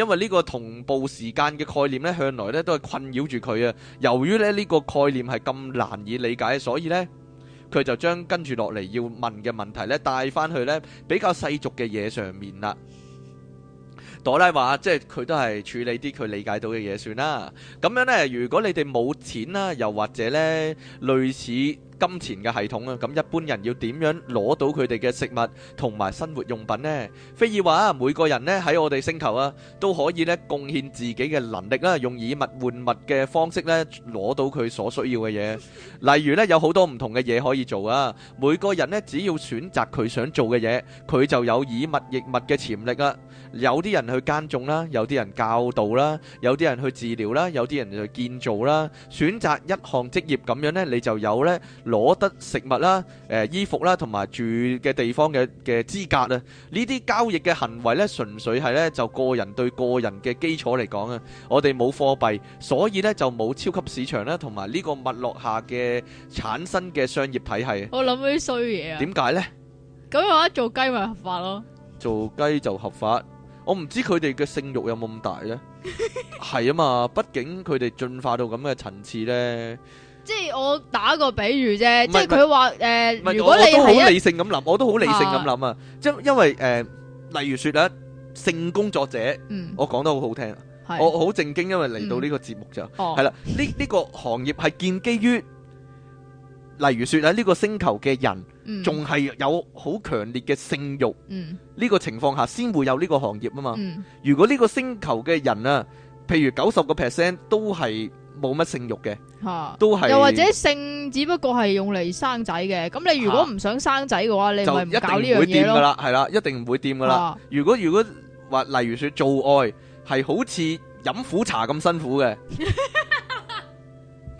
B: 因為呢個同步時間嘅概念咧，向來咧都係困擾住佢啊。由於咧呢個概念係咁難以理解，所以咧佢就將跟住落嚟要問嘅問題咧帶翻去咧比較世俗嘅嘢上面啦。朵拉話：即係佢都係處理啲佢理解到嘅嘢算啦。咁樣呢，如果你哋冇錢啦，又或者呢類似金錢嘅系統啊，咁一般人要點樣攞到佢哋嘅食物同埋生活用品呢？非爾話：每個人呢喺我哋星球啊，都可以呢貢獻自己嘅能力啊，用以物換物嘅方式呢攞到佢所需要嘅嘢。例如呢，有好多唔同嘅嘢可以做啊。每個人呢，只要選擇佢想做嘅嘢，佢就有以物易物嘅潛力啊。有啲人去耕種啦，有啲人教導啦，有啲人去治療啦，有啲人去建造啦。選擇一項職業咁樣咧，你就有咧攞得食物啦、誒衣服啦，同埋住嘅地方嘅嘅資格啦。呢啲交易嘅行為咧，純粹係咧就個人對個人嘅基礎嚟講啊！我哋冇貨幣，所以咧就冇超級市場啦，同埋呢個物落下嘅產生嘅商業體系。我
A: 諗啲衰嘢啊！點解咧？咁我一做雞咪合法咯？
B: 做雞就合法。我唔知佢哋嘅性欲有冇咁大咧，係 啊嘛，畢竟佢哋進化到咁嘅層次咧。
A: 即係我打個比喻啫，即係佢話誒，如果你我都好理性
B: 咁諗，我都好理性咁諗啊，啊。因因為誒、呃，例如說咧，性工作者，嗯、我講得好好聽，我我好正經，因為嚟到呢個節目就，係、嗯、啦，呢、哦、呢、這個行業係建基於，例如說咧，呢、這個星球嘅人。仲、嗯、係有好強烈嘅性慾呢、嗯，呢個情況下，先會有呢個行業啊嘛、嗯。如果呢個星球嘅人啊，譬如九十個 percent 都係冇乜性慾嘅，
A: 都係又或者性只不過係用嚟生仔嘅。咁你如果唔想生仔嘅話，你就唔會搞呢樣嘢，一定唔會掂噶啦，
B: 係啦，一定唔會掂噶啦。如果如果話例如説做愛係好似飲苦茶咁辛苦嘅。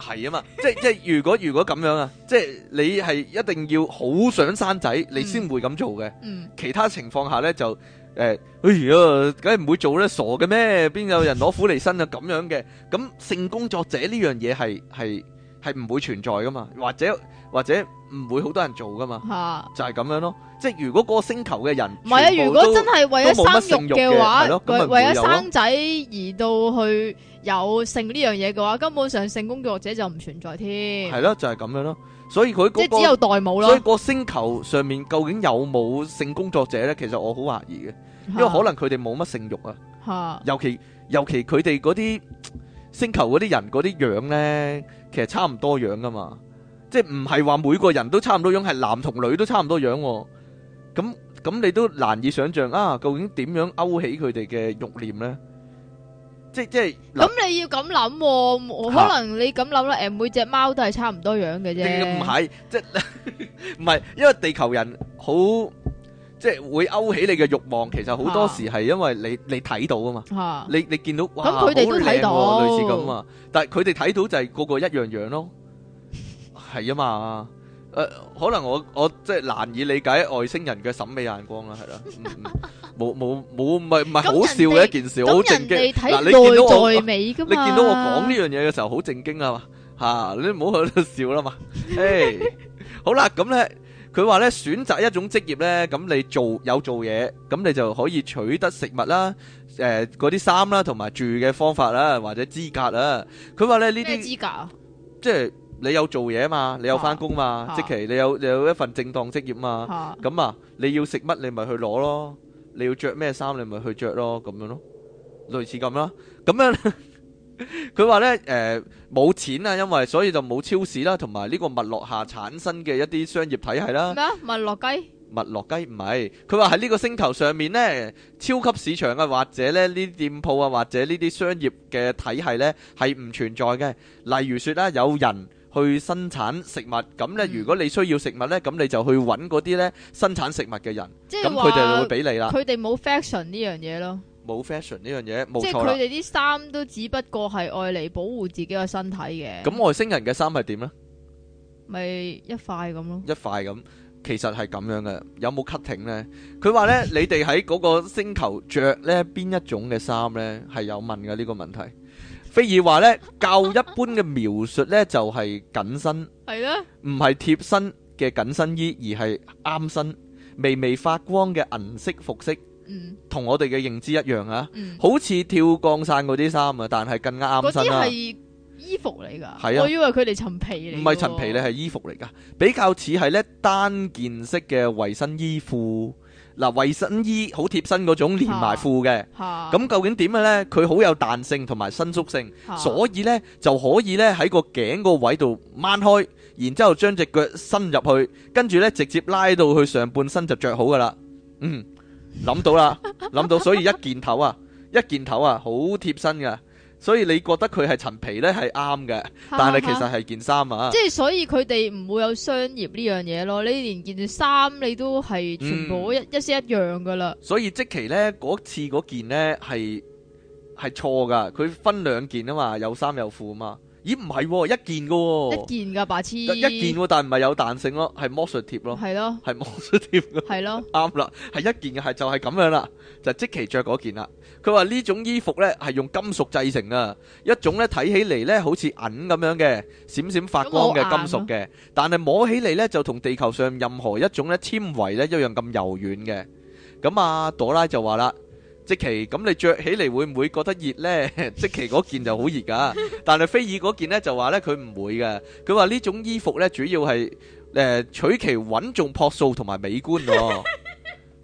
B: 係啊嘛，即係即係如果如果咁樣啊，即係你係一定要好想生仔，你先會咁做嘅、嗯。其他情況下咧就誒、欸，哎呀梗係唔會做呢，傻嘅咩？邊有人攞苦嚟辛啊？咁樣嘅，咁性工作者呢樣嘢係係係唔會存在噶嘛？或者。或者唔會好多人做噶嘛，就係咁樣咯。即係如果個星球嘅人，唔係啊！如果真係為咗生育嘅話，為為咗生
A: 仔而到去有性呢樣嘢嘅話，根本上性工作者就唔存在添。係
B: 咯，就係咁樣咯。所以佢即係只有代母咯。所以個星球上面究竟有冇性工作者咧？其實我好懷疑嘅，
A: 因為可能
B: 佢哋冇乜性欲啊。吓，尤其尤其佢哋嗰啲星球嗰啲人嗰啲樣咧，其實差唔多樣噶嘛。即係唔係話每個人都差唔多樣，係男同女都差唔多樣。咁咁你都難以想象啊！究竟點樣勾起佢哋嘅欲念咧？即即係咁
A: 你要咁諗，我可能你咁諗啦。誒，每隻貓都係差唔多樣嘅啫。唔
B: 係即唔係，因為地球人好即係會勾起你嘅欲望。其實好多時係因為你你睇到啊嘛，你你見到咁佢哋都睇到類似咁啊。但係佢哋睇到就係個個一樣樣咯。係啊嘛，誒、呃，可能我我即係難以理解外星人嘅審美眼光啦，係啦，冇冇冇，唔係唔係好笑嘅一件事，好正經。嗱，你見到我內
A: 美㗎嘛、啊、你見到我講
B: 呢樣嘢嘅時候好正經啊嘛，吓你唔好喺度笑啦嘛。誒、 hey，好啦，咁咧佢話咧選擇一種職業咧，咁你做有做嘢，咁你就可以取得食物啦，誒、呃，嗰啲衫啦，同埋住嘅方法啦，或者資格啦。佢話
A: 咧呢啲資格，
B: 即係。你有做嘢啊嘛，你有返工嘛，即係你有有一份正當職業嘛，咁啊，你要食乜你咪去攞咯，你要著咩衫你咪去著咯，咁樣咯，類似咁啦，咁樣佢話呢誒冇錢啊，因為所以就冇超市啦，同埋呢個物流下產生嘅一啲商業體系啦。咩？麥樂雞？麥樂雞唔係，佢話喺呢個星球上面呢，超級市場啊，或者呢呢啲店鋪啊，或者呢啲商業嘅體系呢係唔存在嘅，例如説啦，有人，去生產食物，咁咧如果你需要食物咧，咁你就去搵嗰啲咧生產食物嘅人，咁佢哋就會俾你啦。佢
A: 哋冇 fashion 呢樣嘢咯，
B: 冇 fashion 呢樣嘢，冇錯。即係佢哋啲
A: 衫都只不過係愛嚟保護自己個身體嘅。咁
B: 外星人嘅衫係點咧？
A: 咪一塊咁咯，
B: 一塊咁。其實係咁樣嘅，有冇 cutting 咧？佢話咧，你哋喺嗰個星球着咧邊一種嘅衫咧，係有問嘅呢個問題。菲爾話咧，較一般嘅描述咧就係、是、緊身，係咧，唔係貼身嘅緊身衣，而係啱身、微微發光嘅銀色服飾，嗯，同我哋嘅認知一樣啊，好似跳降傘嗰啲衫啊，但係更加啱身啦。嗰啲係
A: 衣服嚟噶，係啊，我以為佢哋陳皮嚟。唔係陳皮咧，係
B: 衣服嚟噶，比較似係咧單件式嘅衛生衣褲。嗱、啊，衞生衣好貼身嗰種連埋褲嘅，咁、啊、究竟點嘅呢？佢好有彈性同埋伸縮性，啊、所以呢就可以呢喺個頸個位度掹開，然之後將隻腳伸入去，跟住呢直接拉到去上半身就着好噶啦。嗯，諗到啦，諗 到，所以一件頭啊，一件頭啊，好貼身噶。所以你覺得佢係陳皮呢？係啱嘅，但係其實係件衫啊，啊！即係
A: 所以佢哋唔會有商業呢樣嘢咯。你連件衫你都係全部一、嗯、一式一樣噶啦。
B: 所以即期呢，嗰次嗰件呢係係錯噶，佢分兩件啊嘛，有衫有褲啊嘛。咦，唔係喎，一件嘅喎，一件
A: 噶白痴，一件喎，
B: 但係唔係有彈性咯，係魔術貼咯，係咯，係魔術貼嘅，係咯，啱啦，係一件嘅，係就係咁樣啦，就即其著嗰件啦。佢話呢種衣服呢係用金屬製成啊，一種呢睇起嚟呢好似銀咁樣嘅，閃閃發光嘅金屬嘅，但係摸起嚟呢就同地球上任何一種呢纖維呢一樣咁柔軟嘅。咁阿朵拉就話啦。即期，咁你着起嚟會唔會覺得熱呢？即期嗰件就好熱㗎，但係菲爾嗰件呢，就話呢，佢唔會嘅，佢話呢種衣服呢，主要係誒、呃、取其穩重樸素同埋美觀。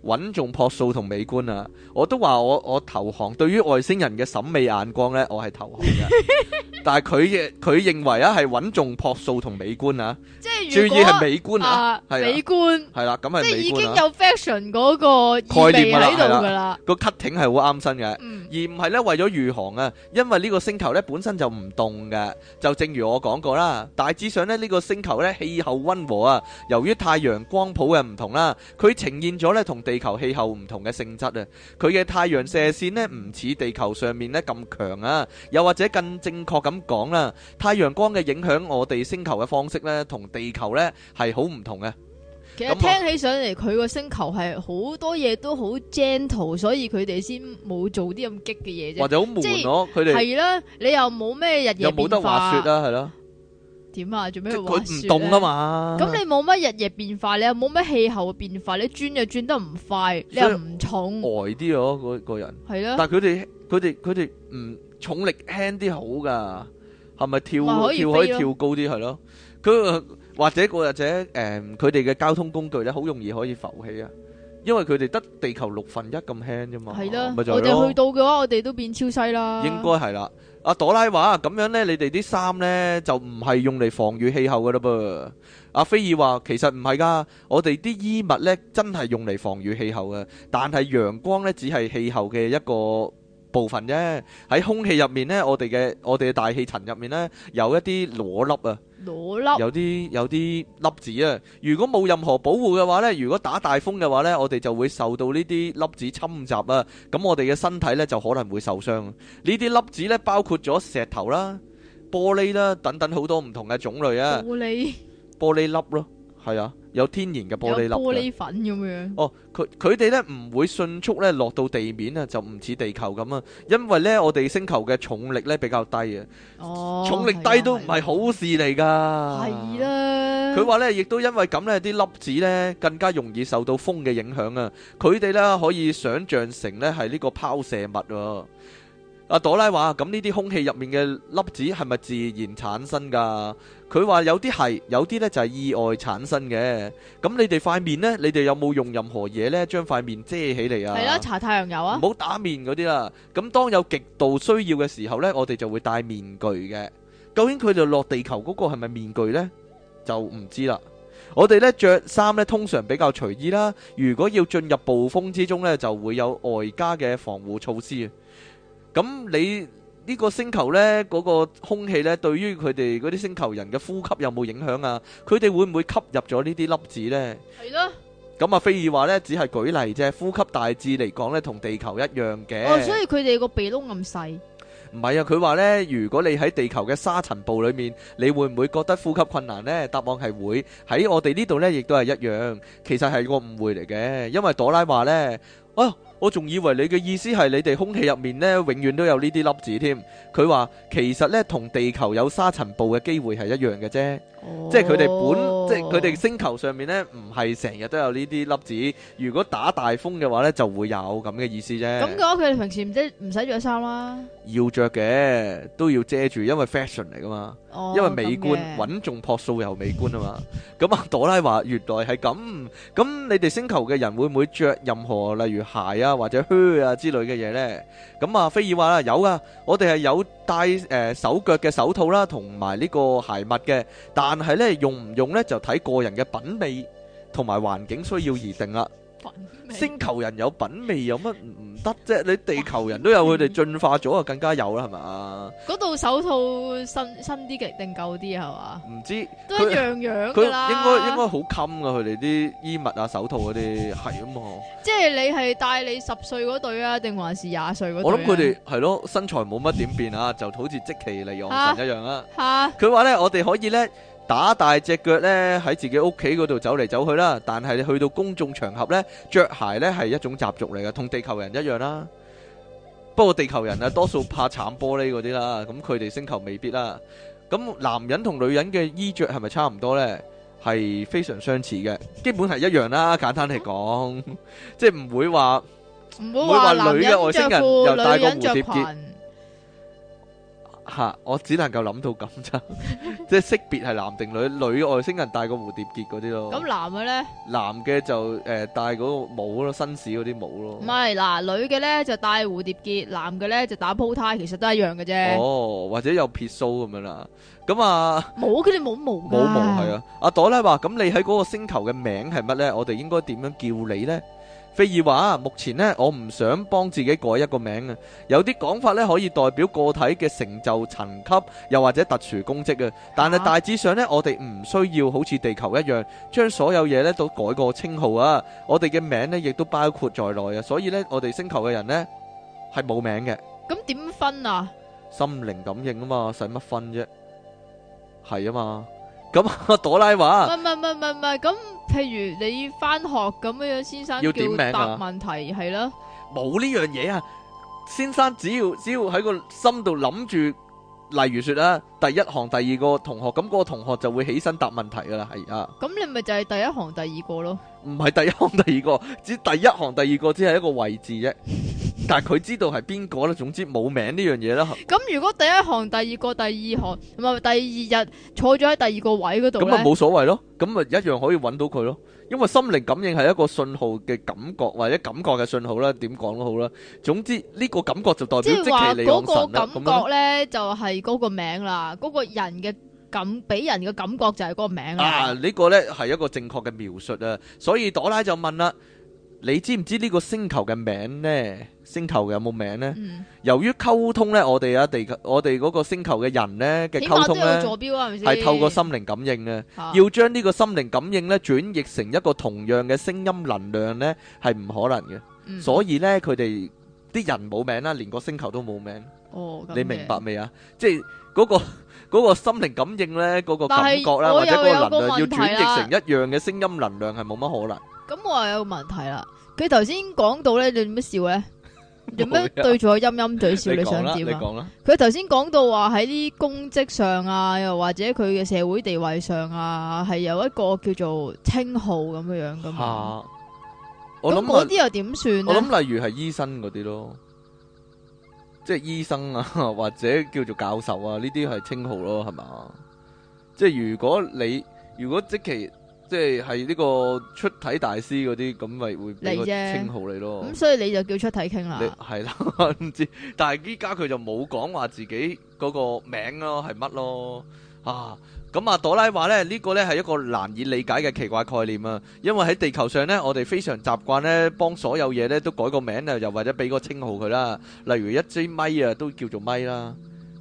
B: 穩重、樸素同美觀啊！我都話我我投降，對於外星人嘅審美眼光呢，我係投降嘅。 但係佢嘅佢認為啊，係穩重、樸素同美觀啊。即係注意係美觀啊，係、啊啊、美觀係啦。咁係、啊啊啊、即係已經
A: 有 fashion 嗰個概念喺度㗎啦。
B: 個 cutting 係好啱身嘅，而唔係呢，為咗御寒啊。因為呢個星球呢本身就唔凍嘅，就正如我講過啦。大致上呢呢個星球呢，氣候溫和啊，由於太陽光譜嘅唔同啦，佢呈現咗呢同地。地球氣候唔同嘅性質啊，佢嘅太陽射線咧，唔似地球上面咧咁強啊，又或者更正確咁講啦，太陽光嘅影響我哋星球嘅方式咧，同地球呢係好唔同嘅。
A: 其實聽起上嚟，佢個星球係好多嘢都好 gentle，所以佢哋先冇做啲咁激嘅嘢啫。或者好悶咯，佢哋係啦，你又冇咩日夜變化又冇得滑雪啊，係咯。點啊？做咩佢唔動啊嘛？咁你冇乜日夜變化，你又冇乜氣候嘅變化，你轉又轉得唔快，你又唔重，
B: 呆啲咯，嗰、那個人係咯。但係佢哋佢哋佢哋唔重力輕啲好噶，係咪跳可以跳可以跳高啲係咯？佢或者個或者誒，佢哋嘅交通工具咧，好容易可以浮起啊。因為佢哋得地球六分一咁輕啫嘛，係啦，我哋去
A: 到嘅話，我哋都變超細啦。應該
B: 係啦。阿朵拉話：咁樣咧，你哋啲衫咧就唔係用嚟防禦氣候嘅啦噃。阿菲爾話：其實唔係噶，我哋啲衣物咧真係用嚟防禦氣候嘅，但係陽光咧只係氣候嘅一個。部分啫，喺空氣入面咧，我哋嘅我哋嘅大氣層入面咧，有一啲裸粒啊，
A: 裸粒，有
B: 啲有啲粒子啊。如果冇任何保護嘅話咧，如果打大風嘅話咧，我哋就會受到呢啲粒子侵襲啊。咁我哋嘅身體咧就可能會受傷。呢啲粒子咧包括咗石頭啦、玻璃啦等等好多唔同嘅種類啊。玻璃，玻璃粒咯。係啊，有天然嘅玻璃粒，玻璃
A: 粉咁
B: 樣。哦，佢佢哋咧唔會迅速咧落到地面啊，就唔似地球咁啊。因為咧，我哋星球嘅重力咧比較低啊。哦，
A: 重
B: 力低都唔係好事嚟噶。係啦。佢話咧，亦都因為咁咧，啲粒子咧更加容易受到風嘅影響啊。佢哋咧可以想象成咧係呢個拋射物。阿朵拉話：咁呢啲空氣入面嘅粒子係咪自然產生噶？佢話有啲係，有啲咧就係意外產生嘅。咁你哋塊面咧，你哋有冇用任何嘢咧將塊面遮起嚟啊？係啦，搽
A: 太陽油啊！唔
B: 好打面嗰啲啦。咁當有極度需要嘅時候咧，我哋就會戴面具嘅。究竟佢哋落地球嗰個係咪面具咧？就唔知啦。我哋咧着衫咧通常比較隨意啦。如果要進入暴風之中咧，就會有外加嘅防護措施。咁你？呢個星球咧，嗰個空氣咧，對於佢哋嗰啲星球人嘅呼吸有冇影響啊？佢哋會唔會吸入咗呢啲粒子咧？係咯。咁啊，菲爾話咧，只係舉例啫。呼吸大致嚟講咧，同地球一樣嘅。哦，所以
A: 佢哋個鼻窿咁細？
B: 唔係啊，佢話咧，如果你喺地球嘅沙塵暴裏面，你會唔會覺得呼吸困難咧？答案係會。喺我哋呢度咧，亦都係一樣。其實係個誤會嚟嘅，因為朵拉話咧，啊。我仲以為你嘅意思係你哋空氣入面呢，永遠都有呢啲粒子添。佢話其實呢，同地球有沙塵暴嘅機會係一樣嘅啫，即係佢哋本，即係佢哋星球上面呢，唔係成日都有呢啲粒子，如果打大風嘅話呢，就會有咁嘅意思啫。咁
A: 佢哋平時唔使，唔使着衫啦。
B: 要着嘅都要遮住，因為 fashion 嚟噶嘛、哦，因為美觀、穩重、樸素又美觀啊嘛。咁 啊，朵拉話：原來係咁，咁你哋星球嘅人會唔會着任何例如鞋啊或者靴啊之類嘅嘢呢？咁啊，菲爾話啦，有啊，我哋係有戴誒、呃、手腳嘅手套啦，同埋呢個鞋襪嘅，但係呢用唔用呢就睇個人嘅品味同埋環境需要而定啦、啊。星球人有品味有乜唔得啫？你地球人都有佢哋進化咗啊，更加有啦，係咪？
A: 嗰度手套新新啲嘅定舊啲係嘛？唔
B: 知都一樣樣，佢應該應該好襟噶，佢哋啲衣物啊，手套嗰啲係咁啊！
A: 即係你係戴你十歲嗰對啊，定還是廿歲嗰對？我諗佢哋
B: 係咯，身材冇乜點變啊，就好似即期嚟養神一樣啦、啊。吓，佢話咧，我哋可以咧。打大隻腳咧，喺自己屋企嗰度走嚟走去啦，但係你去到公眾場合咧，着鞋咧係一種習俗嚟嘅，同地球人一樣啦。不過地球人啊，多數怕慘玻璃嗰啲啦，咁佢哋星球未必啦。咁男人同女人嘅衣着係咪差唔多呢？係非常相似嘅，基本係一樣啦。簡單嚟講， 即係唔會話
A: 唔會話女嘅外星人，人又戴個蝴蝶結。
B: 吓、啊，我只能夠諗到咁啫， 即係識別係男定女，女外星人戴個蝴蝶結嗰啲咯。咁男嘅咧？男嘅就誒、呃，戴嗰個帽咯，紳士嗰啲帽咯。唔
A: 係，嗱，女嘅咧就戴蝴蝶結，男嘅咧就打鋪胎，其實都一樣嘅啫。哦，
B: 或者有撇鬚咁樣啦。咁啊，
A: 冇，佢哋冇毛？冇
B: 毛？係啊，阿朵拉話，咁你喺嗰個星球嘅名係乜咧？我哋應該點樣叫你咧？菲爾話：目前呢，我唔想幫自己改一個名。有啲講法呢，可以代表個體嘅成就層級，又或者特殊功績。但係大致上呢，我哋唔需要好似地球一樣，將所有嘢呢都改個稱號啊。我哋嘅名呢，亦都包括在內啊。所以呢，我哋星球嘅人呢，係冇名嘅。
A: 咁點分啊？
B: 心靈感應啊嘛，使乜分啫啊？係啊嘛。咁 朵拉話唔
A: 唔唔唔唔，咁譬如你翻學咁樣樣，先生要點名答問題係咯，
B: 冇呢樣嘢啊！先生只要只要喺個心度諗住，例如說啦，第一行第二個同學，咁、那、嗰個同學就會起身答問題噶啦，係啊。
A: 咁你咪就係第一行第二個咯？
B: 唔係第一行第二個，只第一行第二個只係一個位置啫。 但係佢知道係邊個咧，總之冇名呢樣嘢啦。
A: 咁如果第一行第二個第二行，唔係第二日坐咗喺第二個位嗰度，咁啊冇
B: 所謂咯，咁咪一樣可以揾到佢咯。因為心靈感應係一個信號嘅感覺或者感覺嘅信號啦，點講都好啦。總之呢個感覺就代表即係你望神啦。咁咁，即係話嗰個感覺咧，
A: 就係嗰個名啦，嗰個人嘅感俾人嘅感覺就係嗰個名啦。啊，
B: 呢個咧係一個正確嘅描述啊，所以朵拉就問啦。你知唔知呢個星球嘅名咧？星球有冇名咧？由於溝通咧，我哋啊地球，我哋嗰個星球嘅人咧嘅溝通咧，係透過心靈感應嘅，要將呢個心靈感應咧轉譯成一個同樣嘅聲音能量咧，係唔可能嘅。所以咧，佢哋啲人冇名啦，連個星球都冇名。哦，
A: 你明白
B: 未啊？即係嗰個嗰個心靈感應咧，嗰個感覺啦，或者嗰個能量要轉譯成一樣嘅聲音能量，係冇乜可能。
A: 咁我又有個問題啦，佢頭先講到咧，你點乜笑咧？
B: 點 樣對住我陰陰嘴笑， 你？你想點啊？
A: 佢頭先講到話喺啲公職上啊，又或者佢嘅社會地位上啊，係有一個叫做稱號咁樣樣噶嘛？我諗嗰啲又點算？我諗例
B: 如係醫生嗰啲咯，即係醫生啊，或者叫做教授啊，呢啲係稱號咯，係咪？即係如果你如果即期。即係係呢個出體大師嗰啲咁咪會俾個稱號你咯，咁、嗯、所
A: 以你就叫出體傾啦。
B: 係啦，我唔知，但係依家佢就冇講話自己嗰個名咯，係乜咯？啊，咁啊朵拉話咧呢、這個咧係一個難以理解嘅奇怪概念啊，因為喺地球上咧我哋非常習慣咧幫所有嘢咧都改個名啊，又或者俾個稱號佢啦，例如一支咪啊都叫做咪啦，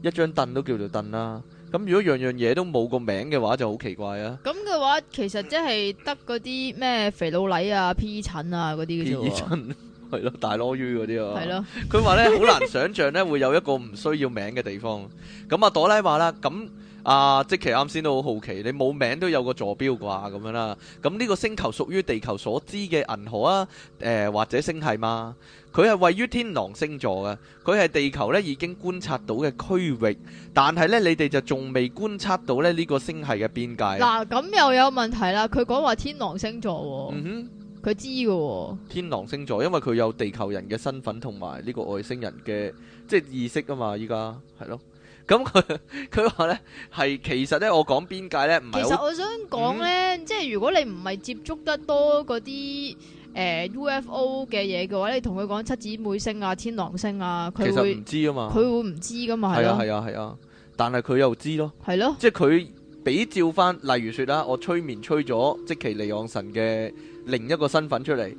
B: 一張凳都叫做凳啦。咁如果樣樣嘢都冇個名嘅話就好奇怪啊！
A: 咁嘅話其實即係得嗰啲咩肥佬禮啊、P 診啊嗰啲嘅啫喎。P 診
B: 係咯，大羅魚嗰啲啊。係咯，佢話咧好難想象咧 會有一個唔需要名嘅地方。咁啊朵拉話啦，咁。啊！即其啱先都好好奇，你冇名都有個坐標啩咁樣啦。咁呢個星球屬於地球所知嘅銀河啊？誒、呃，或者星系嘛？佢係位於天狼星座嘅，佢係地球咧已經觀察到嘅區域，但係咧你哋就仲未觀察到咧呢、這個星系嘅邊界。嗱、啊、
A: 咁又有問題啦！佢講話天狼星座喎、哦，佢、嗯、知㗎喎、哦。
B: 天狼星座，因為佢有地球人嘅身份同埋呢個外星人嘅即係意識啊嘛，依家係咯。咁佢佢話咧係其實咧，我講邊界咧唔係。其實我
A: 想講咧、嗯，即係如果你唔係接觸得多嗰啲、呃、UFO 嘅嘢嘅話，你同佢講七姊妹星啊、天狼星啊，佢會唔知啊嘛？佢會唔知噶嘛？係啊係
B: 啊係啊，啊，但係佢又知咯，係咯、啊，即係佢比照翻，例如說啦，我催眠催咗即其尼昂神嘅另一個身份出嚟。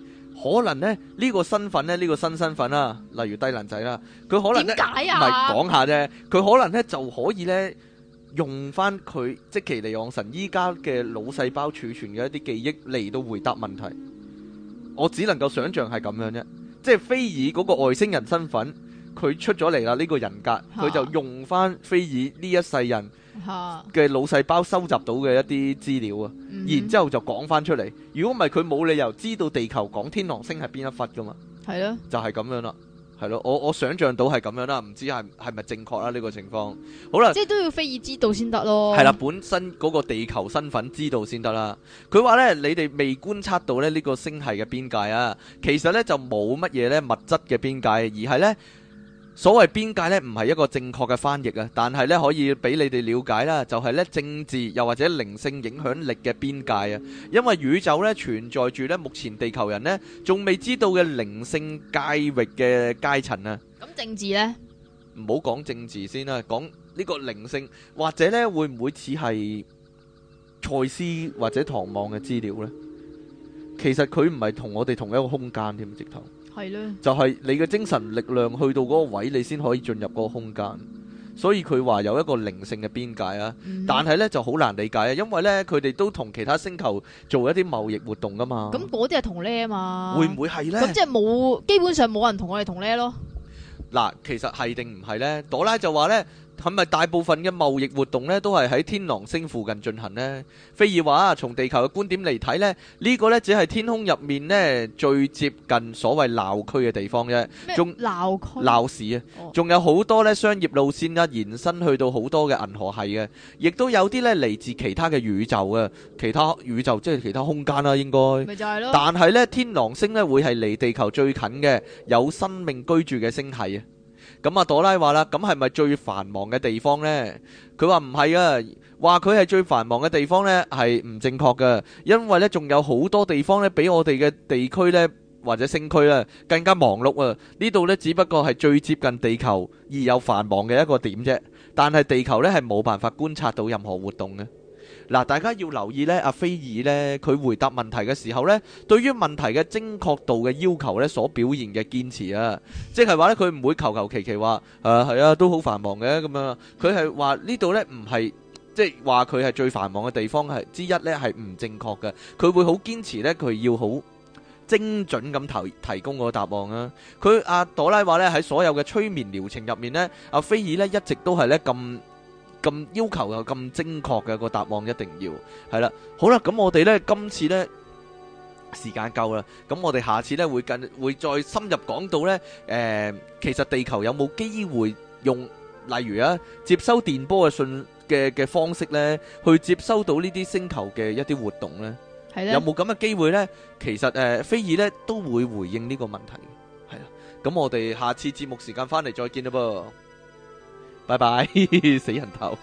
B: 可能呢呢，這個身份呢呢，這個新身份啦，啊，例如低能仔啦，啊，佢可能呢，唔係、啊、講下啫，佢可能呢就可以呢，用翻佢即奇利昂神依家嘅腦細胞儲存嘅一啲記憶嚟到回答問題。我只能夠想象係咁樣啫，即係菲爾嗰個外星人身份，佢出咗嚟啦，呢，這個人格佢就用翻菲爾呢一世人，嘅腦細胞收集到嘅一啲資料啊、嗯，然之後就講翻出嚟。如果唔係，佢冇理由知道地球講天狼星系邊一忽噶嘛。
A: 係咯，
B: 就係、是、咁樣啦。係咯，我我想象到係咁樣啦，唔知係係咪正確啦、啊、呢、呢個情況。
A: 好啦，即係都要菲爾知道先得咯。係啦，
B: 本身嗰個地球身份知道先得啦。佢話呢，你哋未觀察到咧呢、呢個星系嘅邊界啊，其實呢就冇乜嘢呢物質嘅邊界，而係呢。所謂邊界咧，唔係一個正確嘅翻譯啊，但係咧可以俾你哋了解啦，就係咧政治又或者靈性影響力嘅邊界啊，因為宇宙咧存在住咧，目前地球人咧仲未知道嘅靈性界域嘅階層啊。
A: 咁政治咧，
B: 唔好講政治先啦，講呢個靈性或者咧會唔會似係賽斯或者唐望嘅資料咧？其實佢唔係同我哋同一個空間添，直頭。係咧，就係你嘅精神力量去到嗰個位，你先可以進入嗰個空間。所以佢話有一個靈性嘅邊界啊，但係咧就好難理解啊，因為咧佢哋都同其他星球做一啲貿易活動噶嘛。咁
A: 嗰啲係同類啊嘛，會唔
B: 會係咧？咁即係
A: 冇，基本上冇人同我哋同類咯。
B: 嗱，其實係定唔係咧？朵拉就話咧。係咪大部分嘅貿易活動呢都係喺天狼星附近進行呢？菲爾話從從地球嘅觀點嚟睇呢個咧，只係天空入面呢最接近所謂鬧區嘅地方啫，仲鬧市啊，仲有好多商業路線延伸去到好多嘅銀河系嘅，亦都有啲咧嚟自其他嘅宇宙，其他宇宙即係其他空間啦，應該。咪就係咯。但係呢天狼星咧會係離地球最近嘅有生命居住嘅星系啊。咁啊，朵拉話啦，咁係咪最繁忙嘅地方呢？佢話唔係啊，話佢係最繁忙嘅地方呢，係唔正確㗎，因為呢仲有好多地方呢比我哋嘅地區呢，或者星區呢，更加忙碌啊！呢度呢，只不過係最接近地球而有繁忙嘅一個點啫，但係地球呢係冇辦法觀察到任何活動嘅。嗱，大家要留意呢，阿菲爾呢，佢回答問題嘅時候呢，對於問題嘅精確度嘅要求呢，所表現嘅堅持、就是、隨隨隨啊，即係話呢，佢唔會求求其其話，係啊，都好繁忙嘅咁樣。佢係話呢度呢，唔係即係話佢係最繁忙嘅地方係之一呢，係唔正確嘅。佢會好堅持呢，佢要好精準咁提提供個答案啊。佢阿朵拉話呢，喺所有嘅催眠療程入面呢，阿菲爾呢一直都係呢咁。咁要求又咁精確嘅個答案一定要係啦，好啦，咁我哋呢今次呢時間夠啦，咁我哋下次呢會更會再深入講到呢，誒，其實地球有冇機會用例如啊接收電波嘅信嘅嘅方式呢，去接收到呢啲星球嘅一啲活動呢，有冇咁嘅機會呢？其實誒，菲爾呢都會回應呢個問題，係啊，咁我哋下次節目時間翻嚟再見啦噃。拜拜，嘿嘿嘿死人頭。